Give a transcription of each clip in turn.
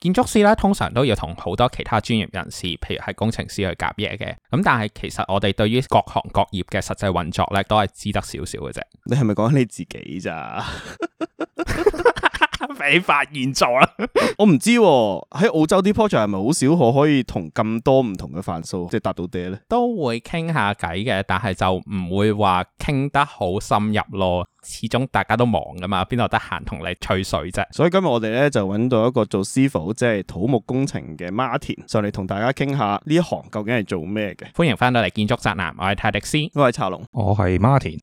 建築師咧通常都要同好多其他專業人士，譬如係工程師去夾嘢嘅。咁但係其實我哋對於各行各業嘅實際運作咧，都係知得少少嘅啫。你係咪講緊你自己咋？ 俾發現咗啦 啊！我唔知喺澳洲啲 project 係咪好少可可以同咁多唔同嘅範數即係達到嗲咧，都會傾下偈嘅，但係就唔會話傾得好深入咯。始終大家都忙噶嘛，邊度得閒同你吹水啫。所以今日我哋咧就揾到一個做師傅，即係土木工程嘅 Martin 上嚟同大家傾下呢一行究竟係做咩嘅。歡迎翻到嚟建築宅男，我係泰迪斯，我係茶龍，我係 Martin。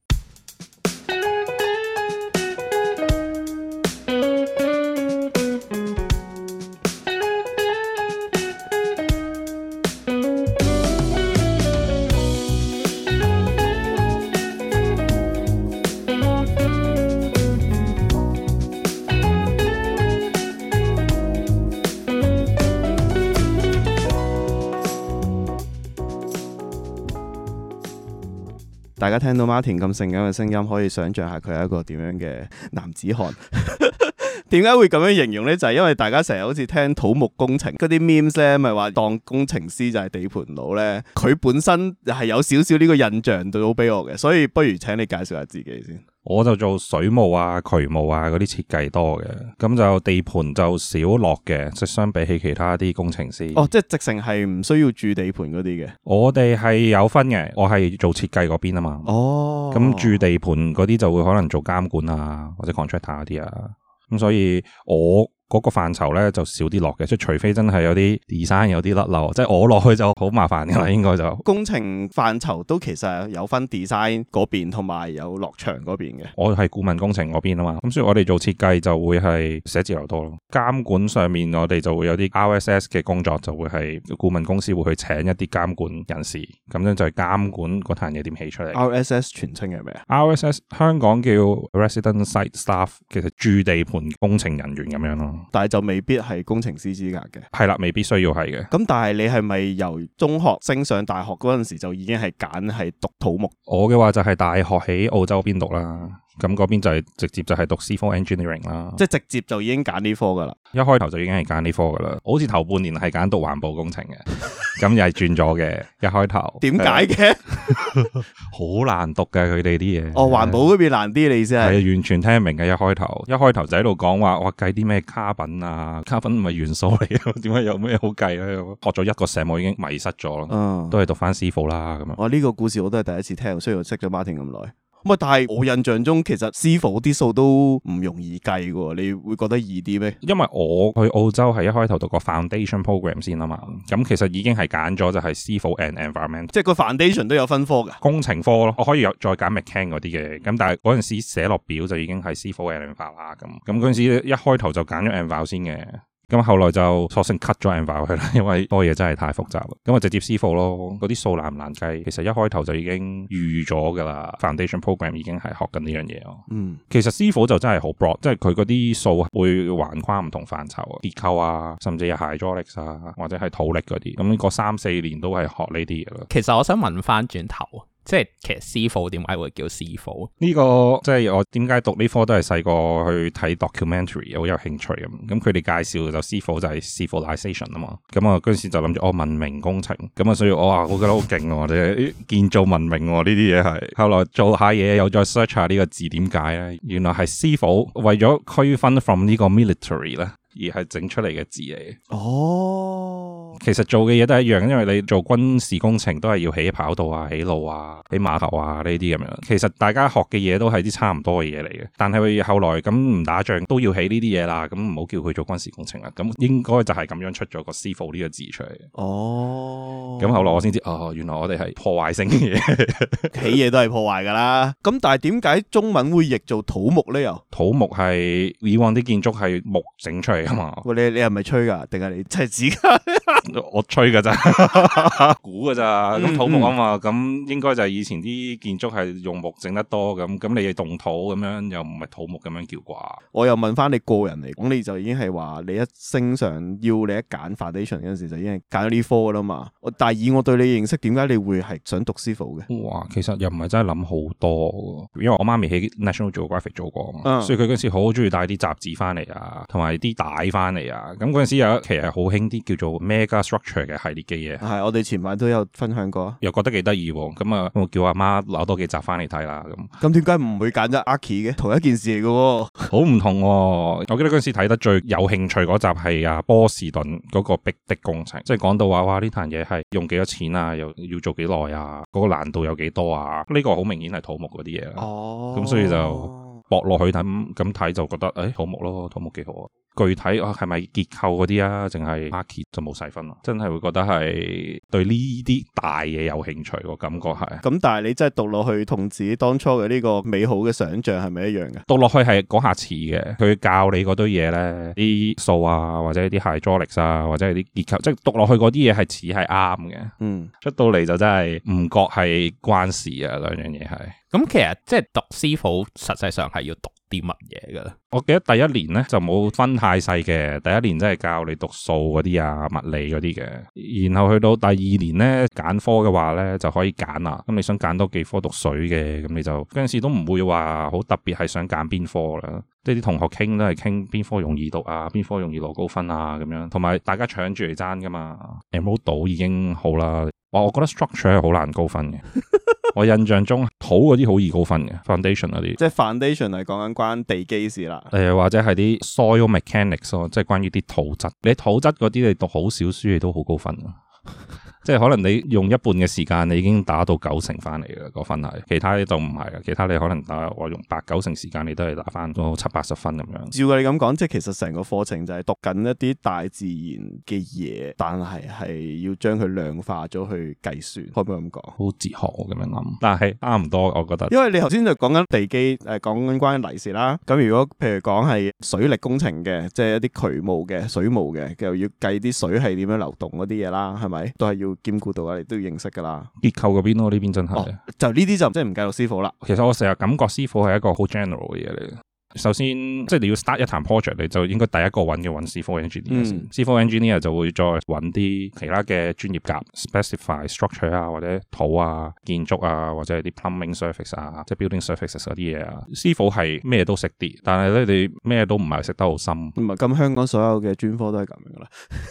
大家聽到 Martin 咁性感嘅聲音，可以想像下佢係一個點樣嘅男子漢？點解會咁樣形容呢？就係因為大家成日好似聽土木工程嗰啲 memes 咧，咪話當工程師就係地盤佬咧。佢本身係有少少呢個印象都好俾我嘅，所以不如請你介紹下自己先。我就做水務啊、渠務啊嗰啲設計多嘅，咁就地盤就少落嘅，即相比起其他啲工程師。哦，即係直情係唔需要住地盤嗰啲嘅。我哋係有分嘅，我係做設計嗰邊啊嘛。哦，咁住地盤嗰啲就會可能做監管啊，或者 contractor 嗰啲啊。咁所以我。嗰個範疇咧就少啲落嘅，即係除非真係有啲 design 有啲甩漏，即係我落去就好麻煩噶啦，應該就工程範疇都其實有分 design 嗰邊同埋有,有落場嗰邊嘅。我係顧問工程嗰邊啊嘛，咁所以我哋做設計就會係寫字樓多咯。監管上面我哋就會有啲 RSS 嘅工作，就會係顧問公司會去請一啲監管人士，咁樣就係監管嗰壇嘢點起出嚟。RSS 全稱係咩啊？RSS 香港叫 Resident Site Staff，其實駐地盤工程人員咁樣咯。但係就未必係工程師資格嘅，係啦，未必需要係嘅。咁但係你係咪由中學升上大學嗰陣時就已經係揀係讀土木？我嘅話就係大學喺澳洲邊讀啦。咁嗰邊就係、是、直接就係讀 Civil Engineering 啦，即係直接就已經揀呢科噶啦， 一開頭就已經係揀呢科噶啦。我好似頭半年係揀讀環保工程嘅，咁又係轉咗嘅。一開頭點解嘅？好難讀嘅佢哋啲嘢。哦，環是保嗰邊難啲，你意思係？係完全聽唔明嘅。一開頭，一開頭就喺度講話，我計啲咩卡品啊，卡品唔係元素嚟，點解有咩好計咧？學咗一個上午已經迷失咗咯，嗯，都係讀翻 Civil 啦咁樣。我呢，哦這個故事我都係第一次聽，雖然我識咗 Martin 咁耐。唔係，但係我印象中其實 civil 啲數都唔容易計喎，你會覺得易啲咩？因為我去澳洲係一開頭讀個 foundation program 先啊嘛，咁其實已經係揀咗就係 civil and environment，即係個 foundation 都有分科嘅工程科咯，我可以又再揀 mechan 嗰啲嘅，咁但係嗰陣時寫落表就已經係 civil and environment 咁，咁嗰陣時一開頭就揀咗 environment 先嘅。咁後來就索性 cut 咗 env 去啦，因為多嘢真係太複雜。咁我直接師傅咯，嗰啲數難唔難計？其實一開頭就已經預咗噶啦，Foundation program 已經係學緊呢樣嘢咯。嗯，其實師傅就真係好 broad，即係佢嗰啲數會橫跨唔同範疇，結構啊，甚至係 hydraulics 啊，或者係土力嗰啲，咁呢個三四年都係學呢啲嘢咯。其實我想問翻轉頭。即係其實 civil 點解會叫 civil？呢、這個即係、就是、我點解讀呢科都係細個去睇 documentary，好有興趣咁。咁佢哋介紹就 civil 就係 civilization 啊嘛。咁啊嗰陣時就諗住哦文明工程。咁啊所以我話我覺得好勁喎，即 建造文明呢啲嘢係。後來做下嘢，又再 search 下呢個字點解咧？原來係 civil 為咗區分 from 呢個 military 咧，而係整出嚟嘅字嚟。哦。其實做嘅嘢都係一樣，因為你做軍事工程都係要起跑道啊、起路啊、起碼頭啊呢啲咁樣。其實大家學嘅嘢都係啲差唔多嘅嘢嚟嘅。但係佢後來咁唔打仗都要起呢啲嘢啦，咁唔好叫佢做軍事工程啦。咁應該就係咁樣出咗個師傅呢個字出嚟。哦，咁後來我先知，哦，原來我哋係破壞性嘅嘢、哦，起嘢 都係破壞噶啦。咁但係點解中文會譯做土木呢？又土木係以往啲建築係木整出嚟噶嘛？喂，你你係咪吹噶？定係你真係指？ 我吹噶咋，估噶咋，咁土木啊嘛，咁、嗯、應該就係以前啲建築係用木整得多咁，咁你動土咁樣又唔係土木咁樣叫啩？我又問翻你個人嚟講，你就已經係話你一升上要你一揀 foundation 嗰陣時就已經揀咗呢科噶啦嘛。但係以我我對你認識，點解你會係想讀師傅嘅？哇，其實又唔係真係諗好多，因為我媽咪喺 National Geographic 做過啊嘛，嗯、所以佢嗰陣時好中意帶啲雜誌翻嚟啊，同埋啲帶翻嚟啊。咁嗰陣時有一期其實好興啲叫做咩？structure 嘅系列嘅嘢，係、啊、我哋前晚都有分享過，又覺得幾得意，咁啊，我叫阿媽攞多幾集翻嚟睇啦。咁咁點解唔會揀咗阿 k e 嘅同一件事嚟嘅、哦？好 唔同。我記得嗰陣時睇得最有興趣嗰集係啊波士頓嗰個逼的工程，即係講到話哇呢壇嘢係用幾多錢啊，又要做幾耐啊，嗰、嗰個難度有幾多啊？呢、呢個好明顯係土木嗰啲嘢啦。哦，咁所以就駁落去睇，咁睇就覺得誒土木咯，土木幾好啊。具體我係咪結構嗰啲啊，淨係 mark 就冇細分咯，真係會覺得係對呢啲大嘢有興趣個感覺係。咁但係你真係讀落去，同自己當初嘅呢個美好嘅想象係咪一樣嘅？讀落去係講下似嘅，佢教你嗰堆嘢咧，啲數啊，或者啲係 hydraulics 啊，或者係啲結構，即係讀落去嗰啲嘢係似係啱嘅。嗯，出到嚟就真係唔覺係關事啊，兩樣嘢係。咁其實即係、就是、讀師傅，實際上係要讀。啲乜嘢嘅？我記得第一年咧就冇分太細嘅，第一年真係教你讀數嗰啲啊、物理嗰啲嘅。然後去到第二年咧，揀科嘅話咧就可以揀啦。咁、嗯、你想揀多幾科讀水嘅，咁、嗯、你就嗰陣時都唔會話好特別係想揀邊科啦。即係啲同學傾都係傾邊科容易讀啊，邊科容易攞高分啊咁樣。同埋大家搶住嚟爭噶嘛，MO 倒已經好啦。我我覺得 structure 係好難高分嘅， 我印象中土嗰啲好易高分嘅 foundation 嗰啲，即係 foundation 係講緊關地基事啦，誒或者係啲 soil mechanics 咯，即係關於啲土質，你土質嗰啲你讀好少書你都好高分。 即係可能你用一半嘅時間，你已經打到九成翻嚟嘅個分係，其他呢度唔係啊！其他你可能打我用八九成時間，你都係打翻七八十分咁樣。照你咁講，即係其實成個課程就係讀緊一啲大自然嘅嘢，但係係要將佢量化咗去計算，可唔可以咁講？好哲學喎咁樣諗，但係差唔多，我覺得。因為你頭先就講緊地基，誒講緊關於泥石啦。咁如果譬如講係水利工程嘅，即係一啲渠務嘅、水務嘅，又要計啲水係點樣流動嗰啲嘢啦，係咪都係要？兼顧到啊，你都要認識噶啦，結構嗰邊咯，呢邊真係、哦、就呢啲就即係唔計到 civil 啦。其實我成日感覺 civil 係一個好 general 嘅嘢嚟。首先，即、就、係、是、你要 start 一壇 project，你就應該第一個揾嘅揾 civil engineer 先。civil engineer 就會再揾啲其他嘅專業夾、嗯、，specify structure 啊，或者土啊、建築啊，或者係啲 plumbing services 啊，即係 building services 啲嘢啊。civil 係咩都識啲，但係咧你咩都唔係識得好深。唔係咁，香港所有嘅專科都係咁樣噶啦。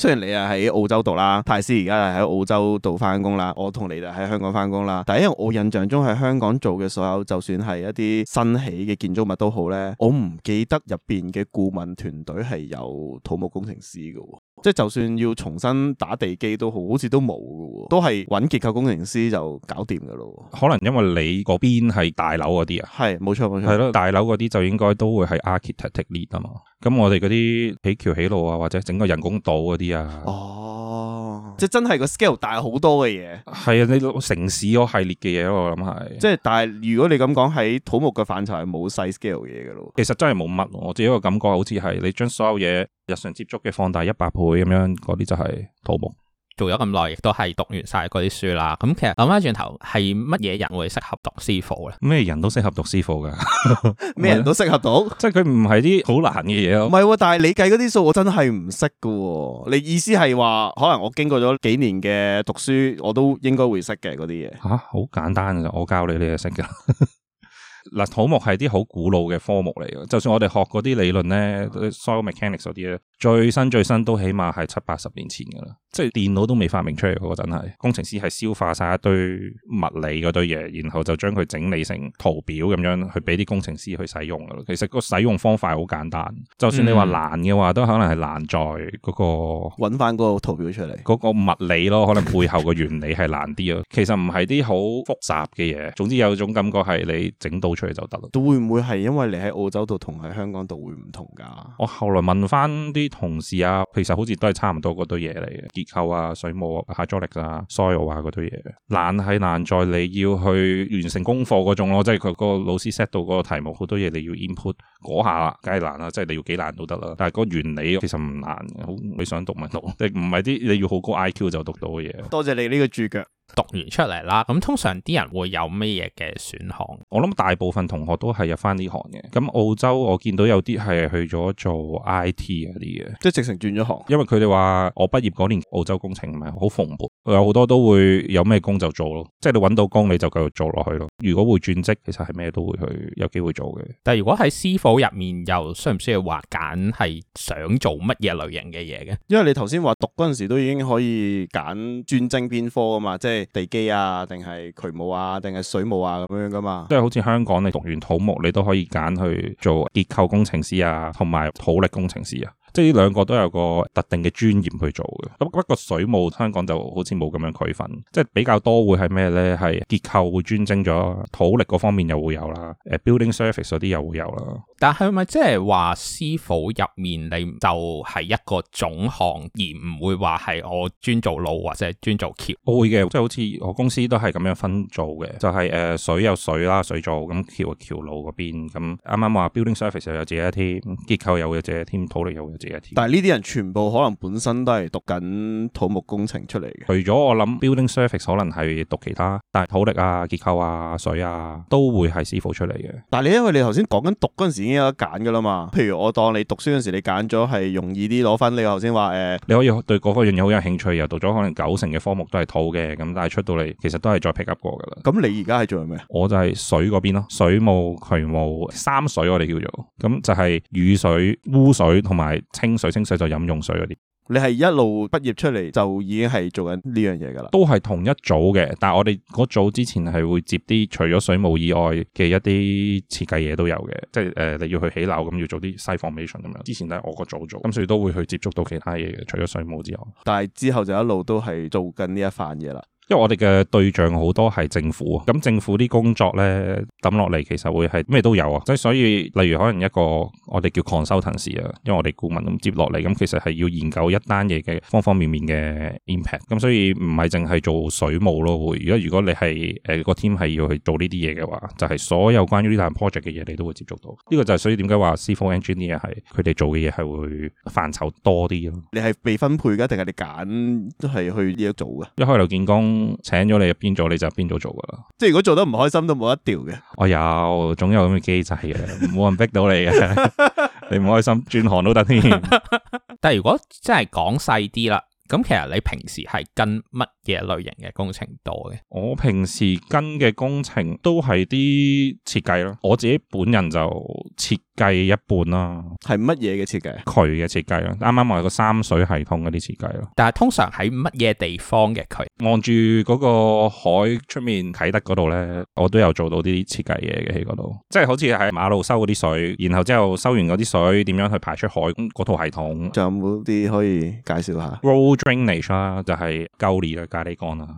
雖然你啊喺澳洲讀啦，泰斯而家係喺澳洲度翻工啦，我同你就喺香港翻工啦。但係因為我印象中喺香港做嘅所有，就算係一啲新起嘅建築物都好咧，我唔記得入邊嘅顧問團隊係有土木工程師嘅。即係就算要重新打地基都好，好似都冇嘅，都係揾結構工程師就搞掂嘅咯。可能因為你嗰邊係大樓嗰啲啊，係冇錯冇錯，係咯，大樓嗰啲就應該都會係 architectural 啊嘛。咁我哋嗰啲起橋起路啊，或者整個人工島嗰啲啊，哦，即係真係個 scale 大好多嘅嘢。係啊，你城市個系列嘅嘢咯，我諗係。即係，但係如果你咁講喺土木嘅範疇，冇細 scale 嘢嘅咯。其實真係冇乜，我自己一個感覺，好似係你將所有嘢。日常接觸嘅放大一百倍咁樣，嗰啲就係土木。做咗咁耐，亦都係讀完晒嗰啲書啦。咁其實諗翻轉頭，係乜嘢人會適合讀師傅嘅？咩人都適合讀師傅噶，咩 呢人都適合讀， 即係佢唔係啲好難嘅嘢咯。唔係、啊，但係你計嗰啲數，我真係唔識噶。你意思係話，可能我經過咗幾年嘅讀書，我都應該會識嘅嗰啲嘢。吓？好、啊、簡單㗎，我教你，你係識㗎。 嗱，土木係啲好古老嘅科目嚟嘅，就算我哋學嗰啲理論咧，soil、嗯、mechanics 嗰啲咧，最新最新都起碼係七八十年前噶啦，即係電腦都未發明出嚟嗰陣係，工程師係消化晒一堆物理嗰堆嘢，然後就將佢整理成圖表咁樣去俾啲工程師去使用噶咯。其實個使用方法好簡單，就算你話難嘅話，嗯、都可能係難在嗰、嗰個搵翻嗰個圖表出嚟，嗰個物理咯，可能背後嘅原理係難啲啊， 其實唔係啲好複雜嘅嘢，總之有種感覺係你整到。出嚟就得啦。會唔會係因為你喺澳洲度同喺香港度會唔同噶？我後來問翻啲同事啊，其實好似都係差唔多嗰堆嘢嚟嘅結構啊、水務、hydraulic 啊、soil 啊嗰堆嘢。難係難在，懶在你要去完成功課嗰種咯，即係佢個老師 set 到嗰個題目好多嘢你要 input 嗰下，梗係難啦。即係你要幾難都得啦。但係個原理其實唔難，好你想讀咪讀，即唔係啲你要好高 IQ 就讀到嘅嘢。多謝你呢個注腳。讀完出嚟啦，咁通常啲人會有咩嘢嘅選項？我諗大部分同學都係入翻呢行嘅。咁澳洲我見到有啲係去咗做 IT 嗰啲嘅，即係直情轉咗行。因為佢哋話我畢業嗰年澳洲工程唔係好蓬勃，有好多都會有咩工就做咯，即係你揾到工你就繼續做落去咯。如果會轉職，其實係咩都會去有機會做嘅。但係如果喺 CIVIL 入面，又需唔需要話揀係想做乜嘢類型嘅嘢嘅？因為你頭先話讀嗰陣時都已經可以揀專精邊科啊嘛，即係。地基啊，定係渠務啊，定係水務啊，咁樣噶嘛？即係好似香港，你讀完土木，你都可以揀去做結構工程師啊，同埋土力工程師啊。即係呢兩個都有個特定嘅專業去做嘅，咁不，不過水務香港就好似冇咁樣區分，即係比較多會係咩咧？係結構會專精咗，土力嗰方面又會有啦，誒 building service 嗰啲又會有啦。但係咪即係話師傅入面你就係一個總行，而唔會話係我專做路或者專做橋？會嘅，即係好似我公司都係咁樣分做嘅，就係誒水有水啦，水做咁橋嘅橋路嗰邊，咁啱啱話 building service 又有自己一 team，結構又有自己一 team，土力又但係呢啲人全部可能本身都係讀緊土木工程出嚟嘅，除咗我諗 building service 可能係讀其他，但係土力啊、結構啊、水啊都會係師傅出嚟嘅。但係你因為你頭先講緊讀嗰陣時已經有得揀㗎啦嘛，譬如我當你讀書嗰陣時，你揀咗係容易啲攞翻你頭先話誒，呃、你可以對嗰樣嘢好有興趣，又讀咗可能九成嘅科目都係土嘅，咁但係出到嚟其實都係再 pick up 過㗎啦。咁你而家係做緊咩？我就係水嗰邊咯，水務渠務三水我哋叫做，咁就係雨水、污水同埋，清水，清水就飲用水嗰啲。你係一路畢業出嚟就已經係做緊呢樣嘢噶啦，都係同一組嘅，但係我哋嗰組之前係會接啲除咗水務以外嘅一啲設計嘢都有嘅，即係誒、呃、你要去起樓咁要做啲 site formation 咁樣，之前都係我個組做，咁所以都會去接觸到其他嘢嘅，除咗水務之外，但係之後就一路都係做緊呢一番嘢啦。因為我哋嘅對象好多係政府啊，咁政府啲工作咧抌落嚟，其實會係咩都有啊。即係所以，例如可能一個我哋叫 consultant 時啊，因為我哋顧問咁接落嚟，咁其實係要研究一單嘢嘅方方面面嘅 impact。咁所以唔係淨係做水務咯。如果、呃、如果你係誒個 team 係要去做呢啲嘢嘅話，就係、是、所有關於呢單 project 嘅嘢，你都會接觸到。呢、這個就係所以點解話 civil engineer 係佢哋做嘅嘢係會範疇多啲咯。你係被分配㗎，定係你揀都係去呢一做㗎？一開嚟就見工。請咗你邊做你就邊做做噶啦，即係如果做得唔開心都冇得掉嘅，哎。我有，總有咁嘅機制嘅，冇 人逼到你嘅。你唔開心轉行都得添。但係如果真係講細啲啦，咁其實你平時係跟乜嘢類型嘅工程多嘅？我平時跟嘅工程都係啲設計咯，我自己本人就設。計一半啦，啊，係乜嘢嘅設計？渠嘅設計啦，啱啱話個三水系統嗰啲設計咯。但係通常喺乜嘢地方嘅渠？望住嗰個海出面啟德嗰度咧，我都有做到啲設計嘢嘅喺嗰度，即係好似喺馬路收嗰啲水，然後之後收完嗰啲水點樣去排出海，嗰套系統。仲有冇啲可以介紹下？Road drainage 啦，就係舊年嘅咖喱缸啦。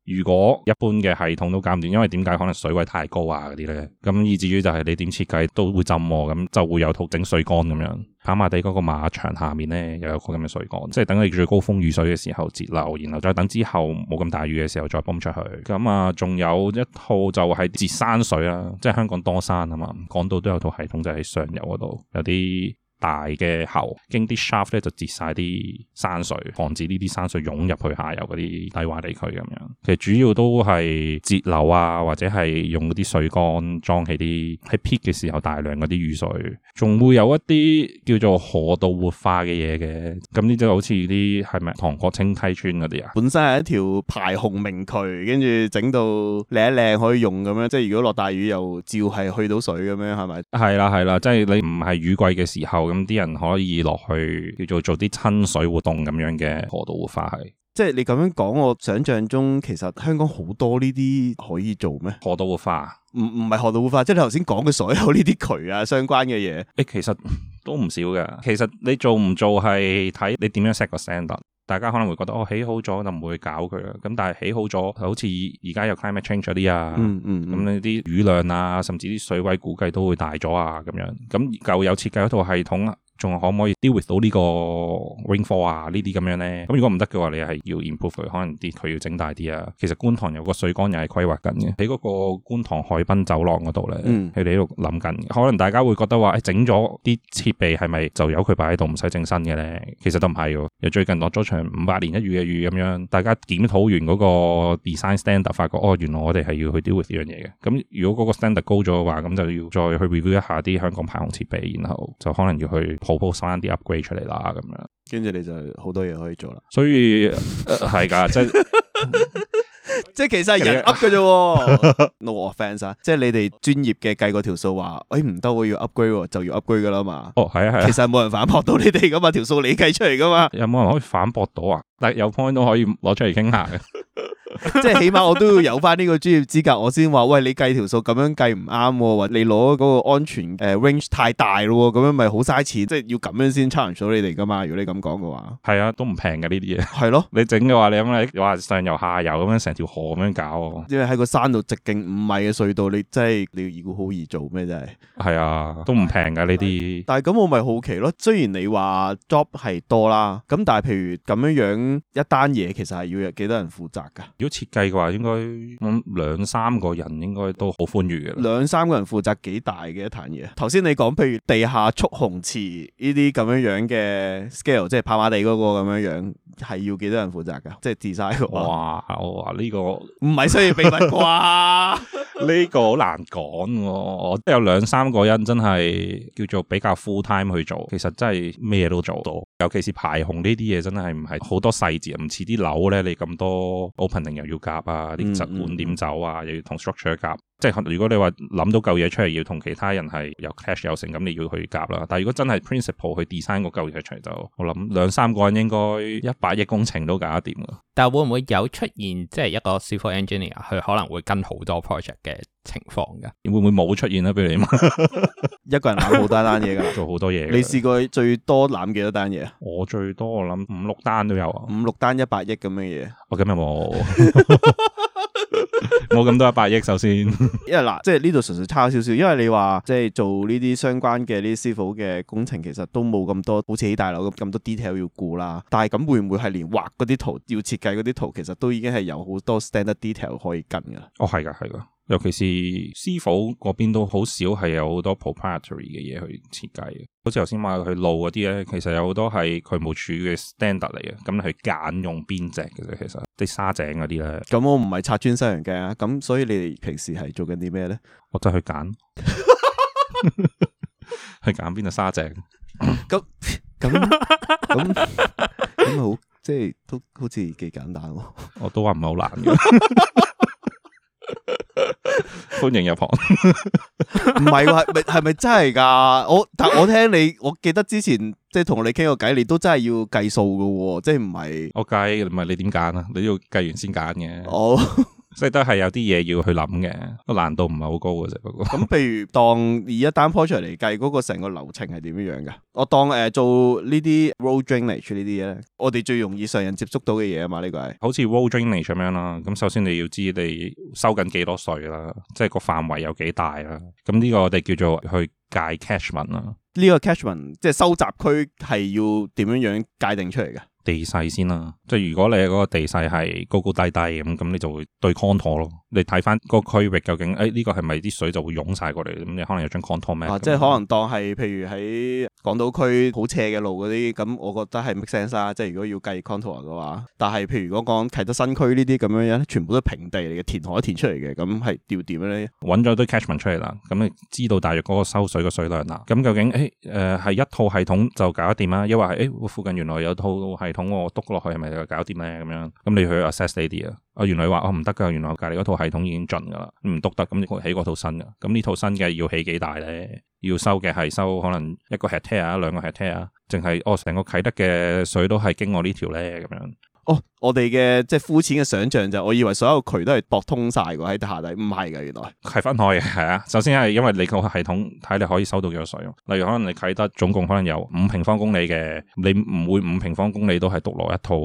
如果一般嘅系統都搞唔掂，因為點解可能水位太高啊嗰啲咧，咁以至於就係你點設計都會浸，咁就會有套整水缸咁樣，跑馬地嗰個馬場下面咧，又有一個咁嘅水缸，即係等你最高峰雨水嘅時候截流，然後再等之後冇咁大雨嘅時候再泵出去。咁啊，仲有一套就係截山水啦，即係香港多山啊嘛，港島都有套系統就喺上游嗰度有啲。大嘅喉，經啲 shaft 咧就截晒啲山水，防止呢啲山水湧入去下游嗰啲低洼地區咁樣。其實主要都係截流啊，或者係用嗰啲水缸裝起啲喺 peak 嘅時候大量嗰啲雨水，仲會有一啲叫做河道活化嘅嘢嘅。咁呢啲就好似啲係咪唐國清溪村嗰啲啊？本身係一條排洪明渠，跟住整到靚一靚可以用咁樣，即係如果落大雨又照係去到水咁樣係咪？係啦係啦，即係你唔係雨季嘅時候。咁啲人可以落去叫做做啲親水活動咁樣嘅河道活化係，即係你咁樣講，我想象中其實香港好多呢啲可以做咩？河道活化，唔唔係河道活化，即係你頭先講嘅所有呢啲渠啊相關嘅嘢，誒、欸，其實都唔少噶。其實你做唔做係睇你點樣 set 個 standard。大家可能會覺得哦，起好咗就唔會搞佢啦，咁但係起好咗好似而家有 climate change 嗰啲啊，咁呢啲雨量啊，甚至啲水位估計都會大咗啊咁樣，咁舊有設計嗰套系統啊。仲可唔可以 deal with 到呢個 rainfall 啊？這這呢啲咁樣咧，咁如果唔得嘅話，你係要 improve 佢，可能啲佢要整大啲啊。其實觀塘有個水缸又係規劃緊嘅，喺嗰個觀塘海濱走廊嗰度咧，嗯，佢哋喺度諗緊。可能大家會覺得話，整咗啲設備係咪就由佢擺喺度，唔使整新嘅咧？其實都唔係喎。又最近落咗場五百年一遇嘅雨咁樣，大家檢討完嗰個 design standard，發覺哦，原來我哋係要去 deal with 呢樣嘢嘅。咁如果嗰個 standard 高咗嘅話，咁就要再去 review 一下啲香港排洪設備，然後就可能要去。發布新啲 upgrade 出嚟啦，咁樣，跟住你就好多嘢可以做啦。所以係噶， 即係即係，其實係人 up 噶啫。No offence 啊， 即係你哋專業嘅計嗰條數話，哎唔得，我要 upgrade，就要 upgrade 噶啦嘛。哦，係啊，係啊，其實冇人反駁到你哋咁啊， 條數你計出嚟噶嘛。有冇人可以反駁到啊？但係有 point 都可以攞出嚟傾下嘅。 即係起碼我都要有翻呢個專業資格，我先話喂，你計條數咁樣計唔啱，或你攞嗰個安全誒、呃、range 太大咯，咁樣咪好嘥錢，即係要咁樣先 charge 到你哋噶嘛？如果你咁講嘅話，係啊，都唔平噶呢啲嘢，係咯、啊， 你整嘅話你咁樣話上游下游咁樣成條河咁樣搞，因為喺個山度直徑五米嘅隧道，你真係你要好易做咩真係？係啊，都唔平噶呢啲。但係咁我咪好奇咯，雖然你話 job 係多啦，咁但係譬如咁樣樣一單嘢，其實係要幾多人負責噶？如果設計嘅話，應該兩三、嗯、個人應該都好寬裕嘅。兩三個人負責幾大嘅一壇嘢。頭先你講，譬如地下蓄洪池呢啲咁樣樣嘅 scale，即係跑馬地嗰個咁樣樣，係要幾多人負責嘅？即係 design 嘅話，哇！我話呢、呢個唔係需要秘密啩？呢、 呢個好難講、啊。我 有兩三個人真係叫做比較 full time 去做，其實真係咩嘢都做到。尤其是排洪呢啲嘢，真係唔係好多細節，唔似啲樓咧，你咁多 opening 又要夾啊，啲集管點走啊，又要同 structure 夾啊。即係如果你話諗到嚿嘢出嚟，要同其他人係有 cash 有成咁你要去夾啦。但係如果真係 principal 去 design 個嚿嘢出嚟就，我諗兩三個人應該一百億工程都搞得掂。但係會唔會有出現，即係一個 civil engineer 佢可能會跟好多 project 嘅情況噶？會唔會冇出現啊？俾你問，一個人攬好多單嘢噶， 做好多嘢。你試過最多攬幾多單嘢？我最多我諗五六單都有啊，五六單一百億咁嘅嘢，我咁又冇。冇咁 多一百億，首先， 因為嗱，即係呢度純粹差少少，因為你話即係做呢啲相關嘅呢啲師傅嘅工程，其實都冇咁多，好似起大樓咁咁多 detail 要顧啦。但係咁會唔會係連畫嗰啲圖要設計嗰啲圖，其實都已經係有好多 standard detail 可以跟噶啦？哦，係噶，係噶。尤其是師傅嗰邊都好少係有好多 proprietary 嘅嘢去設計嘅，好似頭先話渠路嗰啲咧，其實有好多係渠務處嘅 standard 嚟嘅，咁你去揀用邊隻嘅啫。其實啲沙井嗰啲咧，咁我唔係拆穿西洋鏡啊。咁所以你哋平時係做緊啲咩咧？我就去揀， 去揀邊度沙井。咁咁咁咁好，即係都好似幾簡單。 我都話唔係好難嘅。 歡迎入行，唔係喎，係係咪真係噶、啊？我但我聽你，我記得之前即係同你傾過偈，你都真係要計數噶，即係唔係？我計唔係你點揀啊？你要計完先揀嘅。好。即係都係有啲嘢要去諗嘅，個難度唔係好高嘅，啫。 不咁，譬如當以一單 project 嚟計，嗰、那個成個流程係點樣樣嘅？我當誒、呃、做呢啲 road drainage 呢啲嘢咧，我哋最容易上人接觸到嘅嘢啊嘛，呢、這個係好似 road drainage 咁樣啦。咁首先你要知你收緊幾多水啦，即係個範圍有幾大啦。咁呢個我哋叫做去界 catchment 啦。呢個 catchment 即係收集區係要點樣樣界定出嚟嘅？地勢先啦，即係如果你嗰個地勢係高高低低咁，咁你就會對 contour 咯。你睇翻個區域究竟，誒、哎、呢、這個係咪啲水就會湧晒過嚟？咁你可能有張 contour 咩？啊，即係可能當係譬如喺港島區好斜嘅路嗰啲，咁我覺得係 make sense 啦。即係如果要計 contour 嘅話，但係譬如講講啟德新區呢啲咁樣樣全部都平地嚟嘅，填海填出嚟嘅，咁係調點咧？揾咗堆 catchment 出嚟啦，咁你知道大約嗰個收水嘅水量啦。咁究竟誒誒係一套系統就搞得掂啦？亦或係誒附近原來有套系統喎，我篤落去係咪就搞得掂咧？咁樣咁你去 assess 啲啲啊？我原來話我唔得噶，原來我隔離嗰套系統已經盡噶啦，唔篤得，咁、嗯、要起嗰套新噶。咁呢套新嘅要起幾大咧？要收嘅係收可能一個 hectare 啊，兩個 hectare 啊，淨係哦，成個啟德嘅水都係經過呢條咧，咁樣。Oh, 我哋嘅即係膚淺嘅想象就，我以為所有渠都係駁通晒喎，喺地下底，唔係嘅，原來係分開嘅，係啊。首先係因為你個系統睇你可以收到幾多水，例如可能你啟得總共可能有五平方公里嘅，你唔會五平方公里都係獨落一套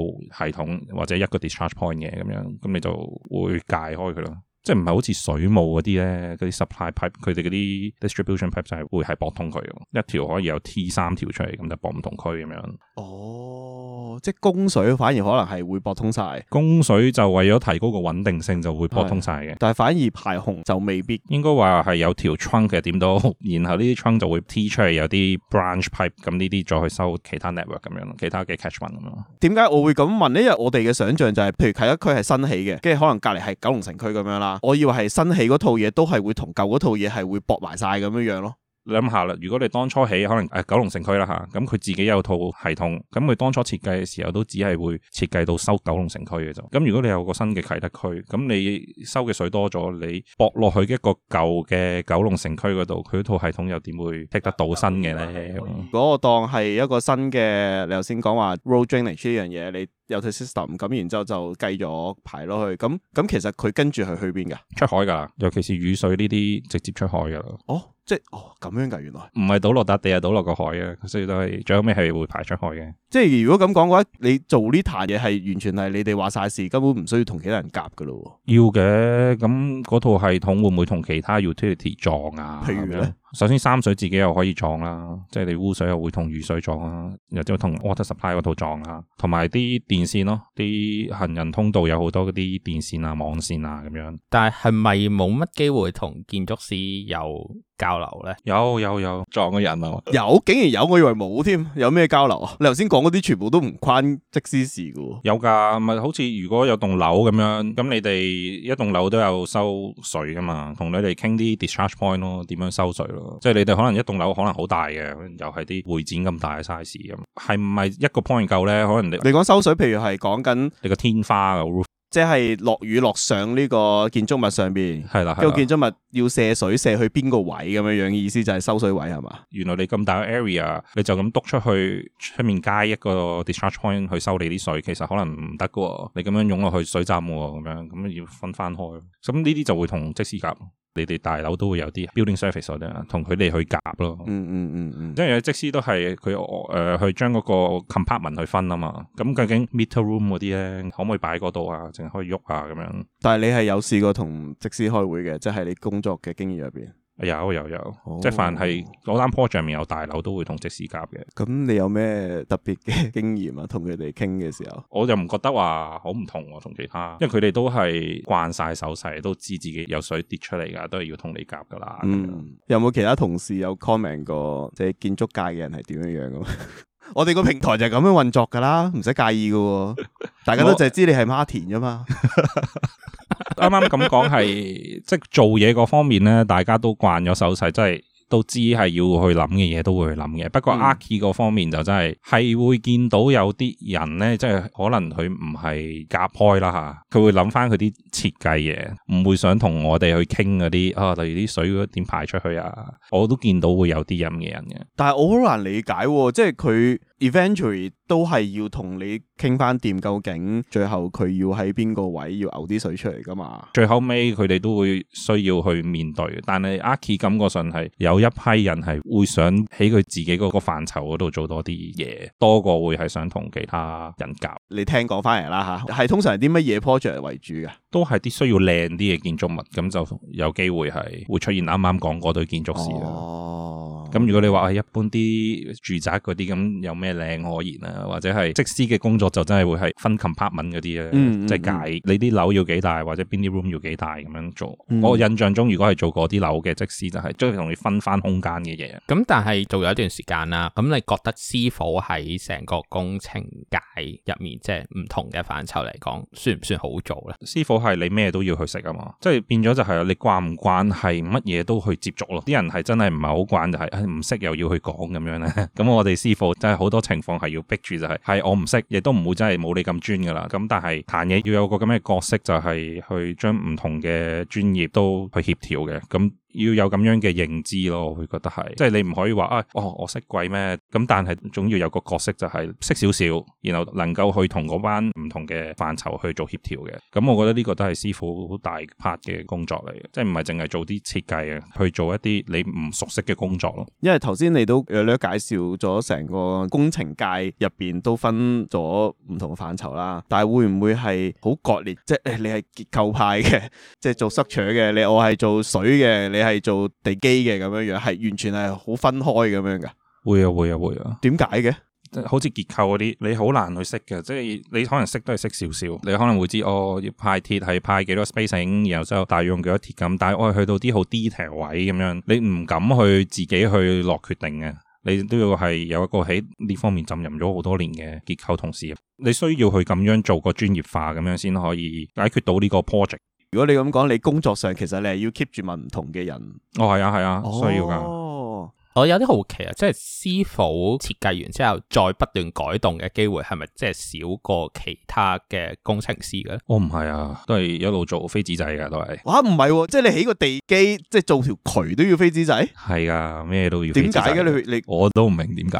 系統或者一個 discharge point 嘅，咁樣，咁你就會解開佢咯。即係唔係好似水務嗰啲咧？嗰啲 supply pipe，佢哋嗰啲 distribution pipe 就係會係駁通佢，一條可以有 T 三條出嚟，咁就駁唔同區咁樣。哦，即係供水反而可能係會駁通晒。供水就為咗提高個穩定性，就會駁通晒嘅。但係反而排洪就未必。應該話係有條 trunk 嘅點都，然後呢啲 trunk 就會 T 出嚟有啲 branch pipe，咁呢啲再去收其他 network 咁樣咯，其他嘅 catchment 咁咯。點解我會咁問呢？因為我哋嘅想像就係、是，譬如係一區係新起嘅，跟住可能隔離係九龍城區咁樣啦。我以為係新起嗰套嘢，都係會同舊嗰套嘢係會駁埋晒咁樣樣咯。諗下啦，如果你當初起可能誒、呃、九龍城區啦吓，咁、啊、佢自己有套系統，咁佢當初設計嘅時候都只係會設計到收九龍城區嘅就，咁如果你有個新嘅啟德區，咁你收嘅水多咗，你駁落去一個舊嘅九龍城區嗰度，佢套系統又點會剔得到新嘅咧？如果我當係一個新嘅，你頭先講話 road drainage 呢樣嘢，你有套 system，咁然之後就計咗排落去，咁咁其實佢跟住係去邊噶？出海噶啦，尤其是雨水呢啲直接出海噶啦。哦。即係哦，咁樣噶，原來唔係倒落笪地啊，係倒落個海啊，所以都係最後尾，係會排出去嘅。即係如果咁講嘅話，你做呢壇嘢係完全係你哋話晒事，根本唔需要同其他人夾噶咯。要嘅，咁嗰套系統會唔會同其他 utility 撞啊？譬如咧，首先三水自己又可以撞啦、啊，即係你污水又會同雨水撞啊，又就同 water supply 嗰套撞啊，同埋啲電線咯、啊，啲行人通道有好多嗰啲電線啊、網線啊咁樣。但係係咪冇乜機會同建築師有交流咧？有有有撞嘅人啊！有竟然有，我以為冇添。有咩交流啊？你頭先講。講嗰啲全部都唔關即師事噶，有噶咪，好似如果有棟樓咁樣，咁你哋一棟樓都有收水噶嘛？同你哋傾啲 discharge point 咯，點樣收水咯？即係你哋可能一棟樓可能好大嘅，又係啲會展咁大嘅 size 咁，係唔係一個 point 夠呢？可能你你講收水，譬如係講緊你個天花啊。即係落雨落上呢個建築物上邊，個建築物要射水射去邊個位咁樣樣，意思就係收水位係嘛？原來你咁大 area，你就咁督出去出面街一個 discharge point 去收你啲水，其實可能唔得噶，你咁樣湧落去水浸喎，咁樣咁要分翻開。咁呢啲就會同即時夾。你哋大樓都會有啲 building service 嗰啲啊，同佢哋去夾咯。嗯嗯嗯嗯，因、嗯、為、嗯、則師都係佢誒去將嗰個 compartment 去分啊嘛。咁究竟 meter room 嗰啲咧，可唔可以擺喺嗰度啊？淨係可以喐啊咁樣。但係你係有試過同則師開會嘅，即係你工作嘅經驗入邊。有有有、哦，即係凡係嗰單 project 上面有大樓，都會同即時夾嘅。咁你有咩特別嘅經驗啊？同佢哋傾嘅時候，我就唔覺得話好唔同，啊，同其他，因為佢哋都係慣晒手勢，都知自己有水跌出嚟噶都係要同你夾噶啦。嗯，吧有冇其他同事有 comment 過即係、就是、建築界嘅人係點樣樣噶？ 我哋個平台就係咁樣運作噶啦，唔使介意噶， 大家都淨係知你係 Martin 啫嘛。 啱啱咁講係，即係做嘢嗰方面咧，大家都慣咗手勢、就是，即係都知係要去諗嘅嘢，都會去諗嘅。不過阿 Key 嗰方面就真係係會見到有啲人咧，即係可能佢唔係夾開啦吓，佢會諗翻佢啲設計嘢，唔會想同我哋去傾嗰啲啊，例如啲水嗰點排出去啊，我都見到會有啲咁嘅人嘅。但係我好難理解、哦，即係佢。Eventually 都係要同你傾翻掂，究竟最後佢要喺邊個位要嘔啲水出嚟噶嘛？最後尾佢哋都會需要去面對，但係阿 k 感覺上係有一批人係會想喺佢自己嗰個範疇嗰度做多啲嘢，多過會係想同其他人搞。你聽講翻嚟啦吓，係通常係啲乜嘢 project 為主噶？都係啲需要靚啲嘅建築物，咁就有機會係會出現啱啱講嗰堆建築師啦。咁、哦、如果你話一般啲住宅嗰啲，咁有咩？靚可言啊，或者係即師嘅工作就真係會係分 compartment 嗰啲啊，即係解你啲樓要幾大，或者邊啲 room 要幾大咁樣做。嗯嗯，我印象中，如果係做嗰啲樓嘅即師，就係即係同你分翻空間嘅嘢。咁、嗯、但係做咗一段時間啦，咁你覺得師傅喺成個工程界入面，即係唔同嘅範疇嚟講，算唔算好做咧？師傅係你咩都要去食啊嘛，即、就、係、是、變咗就係你慣唔慣係乜嘢都去接觸咯？啲人係真係唔係好慣就係唔識又要去講咁樣咧。咁 我哋師傅真係好多。多情況係要逼住就係，係我唔識，亦都唔會真係冇你咁專噶啦。咁但係彈嘢要有個咁嘅角色，就係去將唔同嘅專業都去協調嘅。咁要有咁樣嘅認知咯，我會覺得係，即係你唔可以話啊、哎，哦，我識鬼咩？咁但係總要有個角色就係識少少，然後能夠去同嗰班唔同嘅範疇去做協調嘅。咁我覺得呢個都係師傅好大 part 嘅工作嚟嘅，即係唔係淨係做啲設計啊，去做一啲你唔熟悉嘅工作咯。因為頭先你都有略介紹咗成個工程界入邊都分咗唔同嘅範疇啦，但係會唔會係好割裂？即係你係結構派嘅，即係做 structure 嘅，你我係做水嘅，你，係做地基嘅，咁樣樣，係完全係好分開咁樣噶。會啊，會啊，會啊。點解嘅？好似結構嗰啲，你好難去識嘅。即係你可能識都係識少少，你可能會知哦，要派鐵係派幾多 spacing，然後之後大用幾多鐵咁。但係我係去到啲好 detail 位咁樣，你唔敢去自己去落決定嘅。你都要係有一個喺呢方面浸淫咗好多年嘅結構同事，你需要去咁樣做個專業化咁樣，先可以解決到呢個 project。如果你咁講，你工作上其實你係要 keep 住問唔同嘅人。哦，係啊，係啊，需要㗎。哦我有啲好奇啊，即係師傅設計完之後再不斷改動嘅機會係咪即係少過其他嘅工程師嘅？我唔係啊，都係一路做飛紙仔噶都係。吓唔係？即係你起個地基，即係做條渠都要飛紙仔？係啊，咩都要。點解嘅？你你我都唔明點解。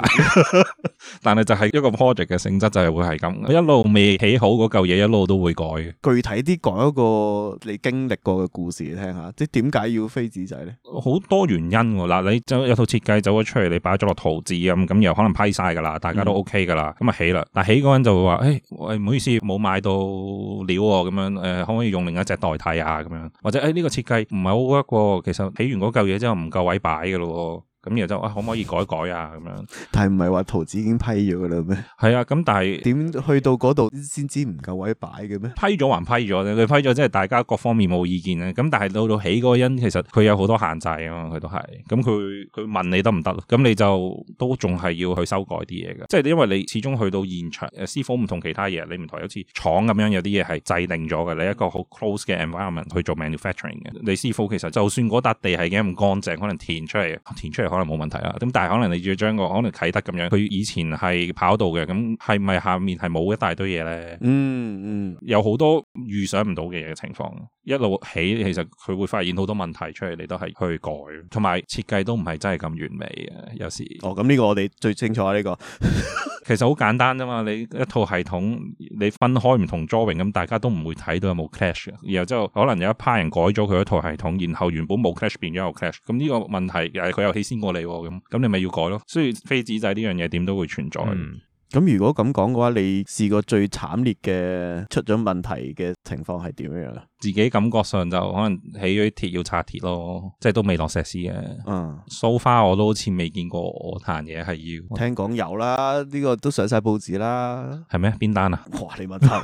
但係就係一個 project 嘅性質就係會係咁，一路未起好嗰嚿嘢，一路都會改嘅。具體啲講一個你經歷過嘅故事嚟聽下，即係點解要飛紙仔咧？好多原因㗎嗱，你就、uh, 有套設。計走咗出嚟，你擺咗落圖紙咁，咁又可能批晒噶啦，大家都 OK 噶啦，咁啊、嗯、起啦。但起嗰個人就會話，誒、哎，喂，唔好意思，冇買到料咁、啊、樣，誒、呃，可唔可以用另一隻代替下、啊？咁樣或者誒，呢、哎這個設計唔係好 work 得、啊，其實起完嗰嚿嘢之後唔夠位擺噶咯。咁然就可唔可以改改啊？咁樣，但係唔係話圖紙已經批咗嘅啦咩？係啊，咁但係點去到嗰度先知唔夠位擺嘅咩？批咗還批咗咧，佢批咗即係大家各方面冇意見啊。咁但係到到起個陣，其實佢有好多限制啊嘛，佢都係，咁佢佢問你得唔得，咁你就都仲係要去修改啲嘢嘅，即係因為你始終去到現場，師傅唔同其他嘢，你唔同好似廠咁樣有啲嘢係制定咗嘅，你一個好 close 嘅 environment 去做 manufacturing 嘅。你師傅其實就算嗰笪地係幾咁乾淨可能填出嚟，填出嚟。可能冇問題啦，咁但係可能你要將，個可能啟德咁樣，佢以前係跑道嘅，咁係咪下面係冇一大堆嘢咧？嗯？嗯嗯，有好多預想唔到嘅嘢情況，一路起其實佢會發現好多問題出嚟，你都係去改，同埋設計都唔係真係咁完美嘅，有時。哦，咁呢個我哋最清楚呢，呢個。 其實好簡單啫嘛，你一套系統，你分開唔同 drawing 咁，大家都唔會睇到有冇 clash。然後之後可能有一批人改咗佢一套系統，然後原本冇 clash 變咗有 clash。咁呢個問題又係佢又起先過你咁，咁你咪要改咯。所以飛紙仔呢樣嘢點都會存在。嗯咁如果咁講嘅話，你試過最慘烈嘅出咗問題嘅情況係點樣啊？自己感覺上就可能起咗啲鐵要拆鐵咯，即係都未落石屎嘅。嗯，so far, 我都好似未見過我彈嘢係要聽講有啦，呢個都上晒報紙啦。係咩邊單啊？哇！你問下